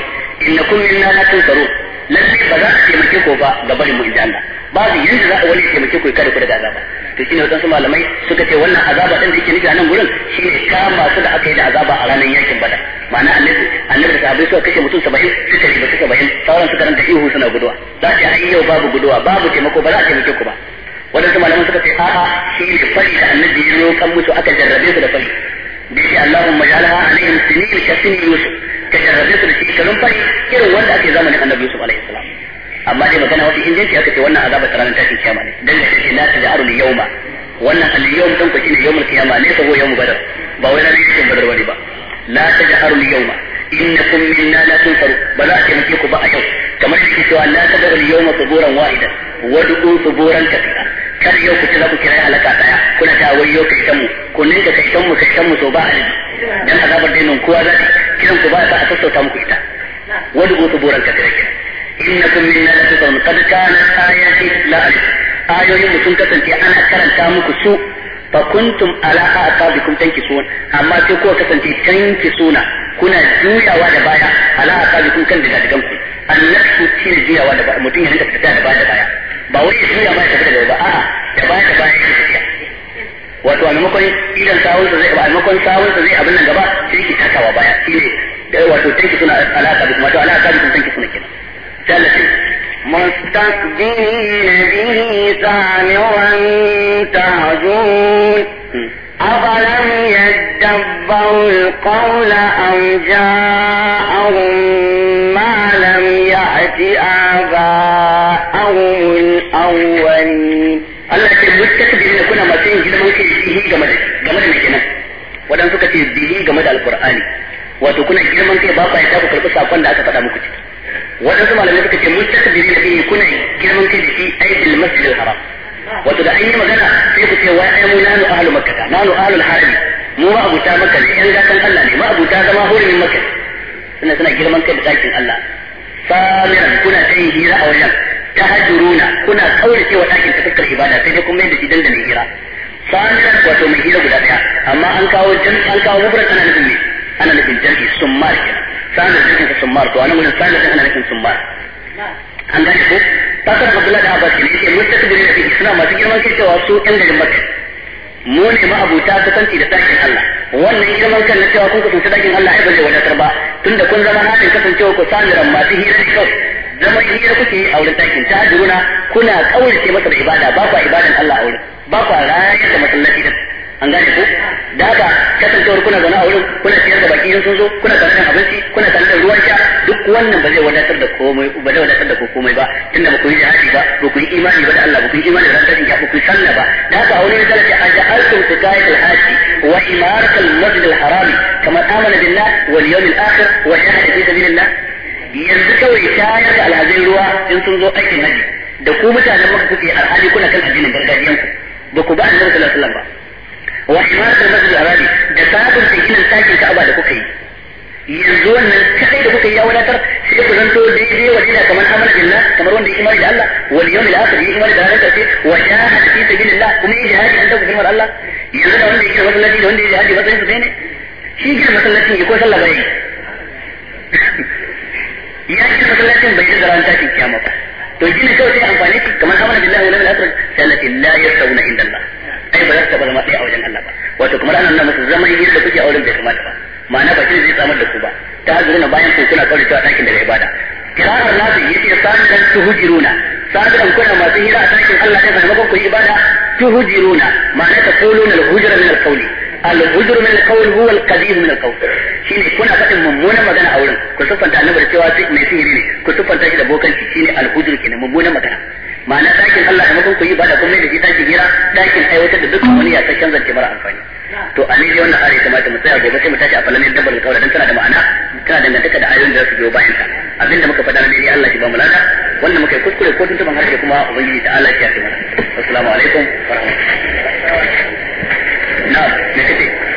innakum minna la tunsaru lalle ba za a taimake ko ba ga barin mu inda Allah babu yanda za a wani taimake ku kada ku daga azaba to shine wadansu malamai suka ce wannan azaba din da yake nufi a nan wurin shine kama su da aka yi da azaba a ranar yakin bada ma'ana annabi annabi da a suka kashe mutum 70 suka riba suka bayin sauran suka ranta ihu suna guduwa za a yau babu guduwa babu taimako ba za a taimake ku ba wadansu malamai suka ce a'a shi ne fari da annabi ya kan mutu aka jarrabe su da fari da yake Allahumma ja'alha alaihim sinin ka sinin Yusuf ka jarrabe su da shi ka lumfari irin wanda ake zamanin annabi Yusuf alaihi salam amma dai magana wata injin inganci aka ce wannan azaba ta ranar tashin kiyama ne dan shi la taj'alu al-yawma wannan al-yawm dan ku shine yawmul qiyama ne sabo yawmul badar ba wai ranar tashin badar wani ba la taj'alu al-yawma innakum minna la tunfaru ba za a taimake ku ba a yau kamar da ke cewa la taj'alu al-yawma suburan wahida wa du'u suburan kathira kar yau ku ci za ku kira ya halaka daya kuna ta wai yau kashen mu ku ninka kashen mu kashen mu so ba a dan azabar dinin kowa za ta kiran ku ba a a sassauta muku ita wani gosu boran ka kira innakum minna la tusawun qad kanat ayati la ayoyin mu sun kasance ana karanta muku su fa kuntum ala aqabikum tankisun amma sai kuka kasance tankisuna kuna juyawa da baya ala aqabikum kan da dagan ku annaksu shine juyawa da baya mutum ya rinka fita da baya da baya ba wai juya ma tafi da ba a'a ya ba ta bayan shi tafiya wato a maimakon idan sawun sa zai a maimakon sawun sa zai abin nan gaba sai ki takawa baya shi ne dai wato tanki suna alaka bi wato alaka bi sun tanki suna kenan sai Allah مستكبرين به سامرا تهجون أفلم يدبروا القول أم جاءهم ما لم يأت آباءهم awwalin Allah ce mustakbirin kuna masu yin girman kai bihi game da game da kenan wadan suka ce bihi game da alqur'ani wato kuna girman kai ba ba ya ku karɓi sakon da aka faɗa muku ciki waɗansu malamai suka ce mustakbirin bihi kuna girman kai bihi ai bil masjidil haram wato da an yi magana sai ku ce wai ai mu nanu ahlul makkah nanu ahlul harami mu ma abuta makka ne yan gasan Allah ne ma abuta zama hurumin makka suna suna girman kai da dakin Allah samiran kuna ta yin hira a wajen ta hajjuruna kuna kaurace wa ɗakin ta fuskar ibada sai dai kuma yadda shi dandalin hira samiran wato mai hira guda ɗaya amma an kawo jan an kawo mubarak ana nufin me ana nufin jam'i summar kenan samiran jam'in ta summar to anan gurin samiran ana nufin summar an gane ko ta kan Abdullahi da Abbas ne yake mutakabbirin da suna masu girman kai cewa su ɗan garin Makka mu ne ma'abuta kusanci da ɗakin Allah wannan girman kan na cewa kun kusanci ɗakin Allah ai ba zai wadatar ba tunda kun zama na kasancewa ku samiran masu hira kawai zama in ira kuke a wurin takin ta hajjuruna kuna kaurace masa da ibada ba kwa ibadan Allah a wurin ba kwa rayar da masallaci da an gane ku. da ba kasancewar kuna zaune a wurin kuna siyar da baki sun zo kuna tsarin abinci kuna tsarin ruwan sha duk wannan ba zai wadatar da komai ba zai wadatar da ku komai ba tunda ba ku yi jihadi ba ba ku yi imani ba da Allah ba ku yi imani da rantar ba ku yi sallah ba da ba a wurin zarafi a ja'altum su al-haji wa imaratul masjid al-harami kamar amana billah wal yawm al-akhir wa jahada fi sabilillah yanzu kawai shayar da alhazai ruwa in sun zo aikin haji da ku mutanen maka kuke alhali kuna kan addinin gargajiyan ku ba ku ba annabi sallallahu alaihi wasallam ba wa imaratul masjid arabi da sabon tafsirin sakin ka'aba da kuka yi yanzu wannan kadai da kuka yi ya wadatar sai ku zanto daidai wadina kamar amal billah kamar wanda ya imani da Allah wal yawmil akhir ya imani da ranar karshe wa jahada fi sabilillah kuma ya jihadi an dauka kalmar Allah yanzu da wanda yake masallaci da wanda ya jihadi matsayin su ne shi ke masallacin ya ko sallah bai ya shi masallacin bai da ran tashin kiyama ba to shi ne kawai sai amfani kamar amana billahi wal yawmil akhir sai Allah la yasawna inda Allah ai ba za ta zama sai a wajen Allah ba wato kamar anan nan musu zaman yin da kuke auren bai kamata ba ma'ana ba shi zai samar da ku ba ta na bayan ku kuna kawai a dakin daga ibada kirar nasu yace sadan tuhujiruna sadan kuna masu hira a dakin Allah ne sakamakon ku ibada tuhujiruna ma'ana ta kuluna na hujira min al-qawli al-bujr min al-qawl huwa al-qabih min al-qawl shine kuna faɗin mummunan magana a wurin ku siffanta annabi da cewa mai sihiri ne ku siffanta shi da bokanci shine al-bujr kenan mummunan magana ma'ana dakin Allah da mutum ku yi ba da kuma da shi dakin hira dakin aiwatar da dukkan wani ya sashen zance mara amfani to a ne wannan ayar kamata mu tsaya gobe sai mu tashi a falanin dabbar kaura dan tana da ma'ana tana dangantaka da ayoyin da su biyo bayan ta abinda muka faɗa na dai Allah shi ba mu lada wannan muka yi kuskure ko tuntuban harshe kuma ubangiji ta Allah ya yi mana assalamu alaikum wa rahmatullahi not negative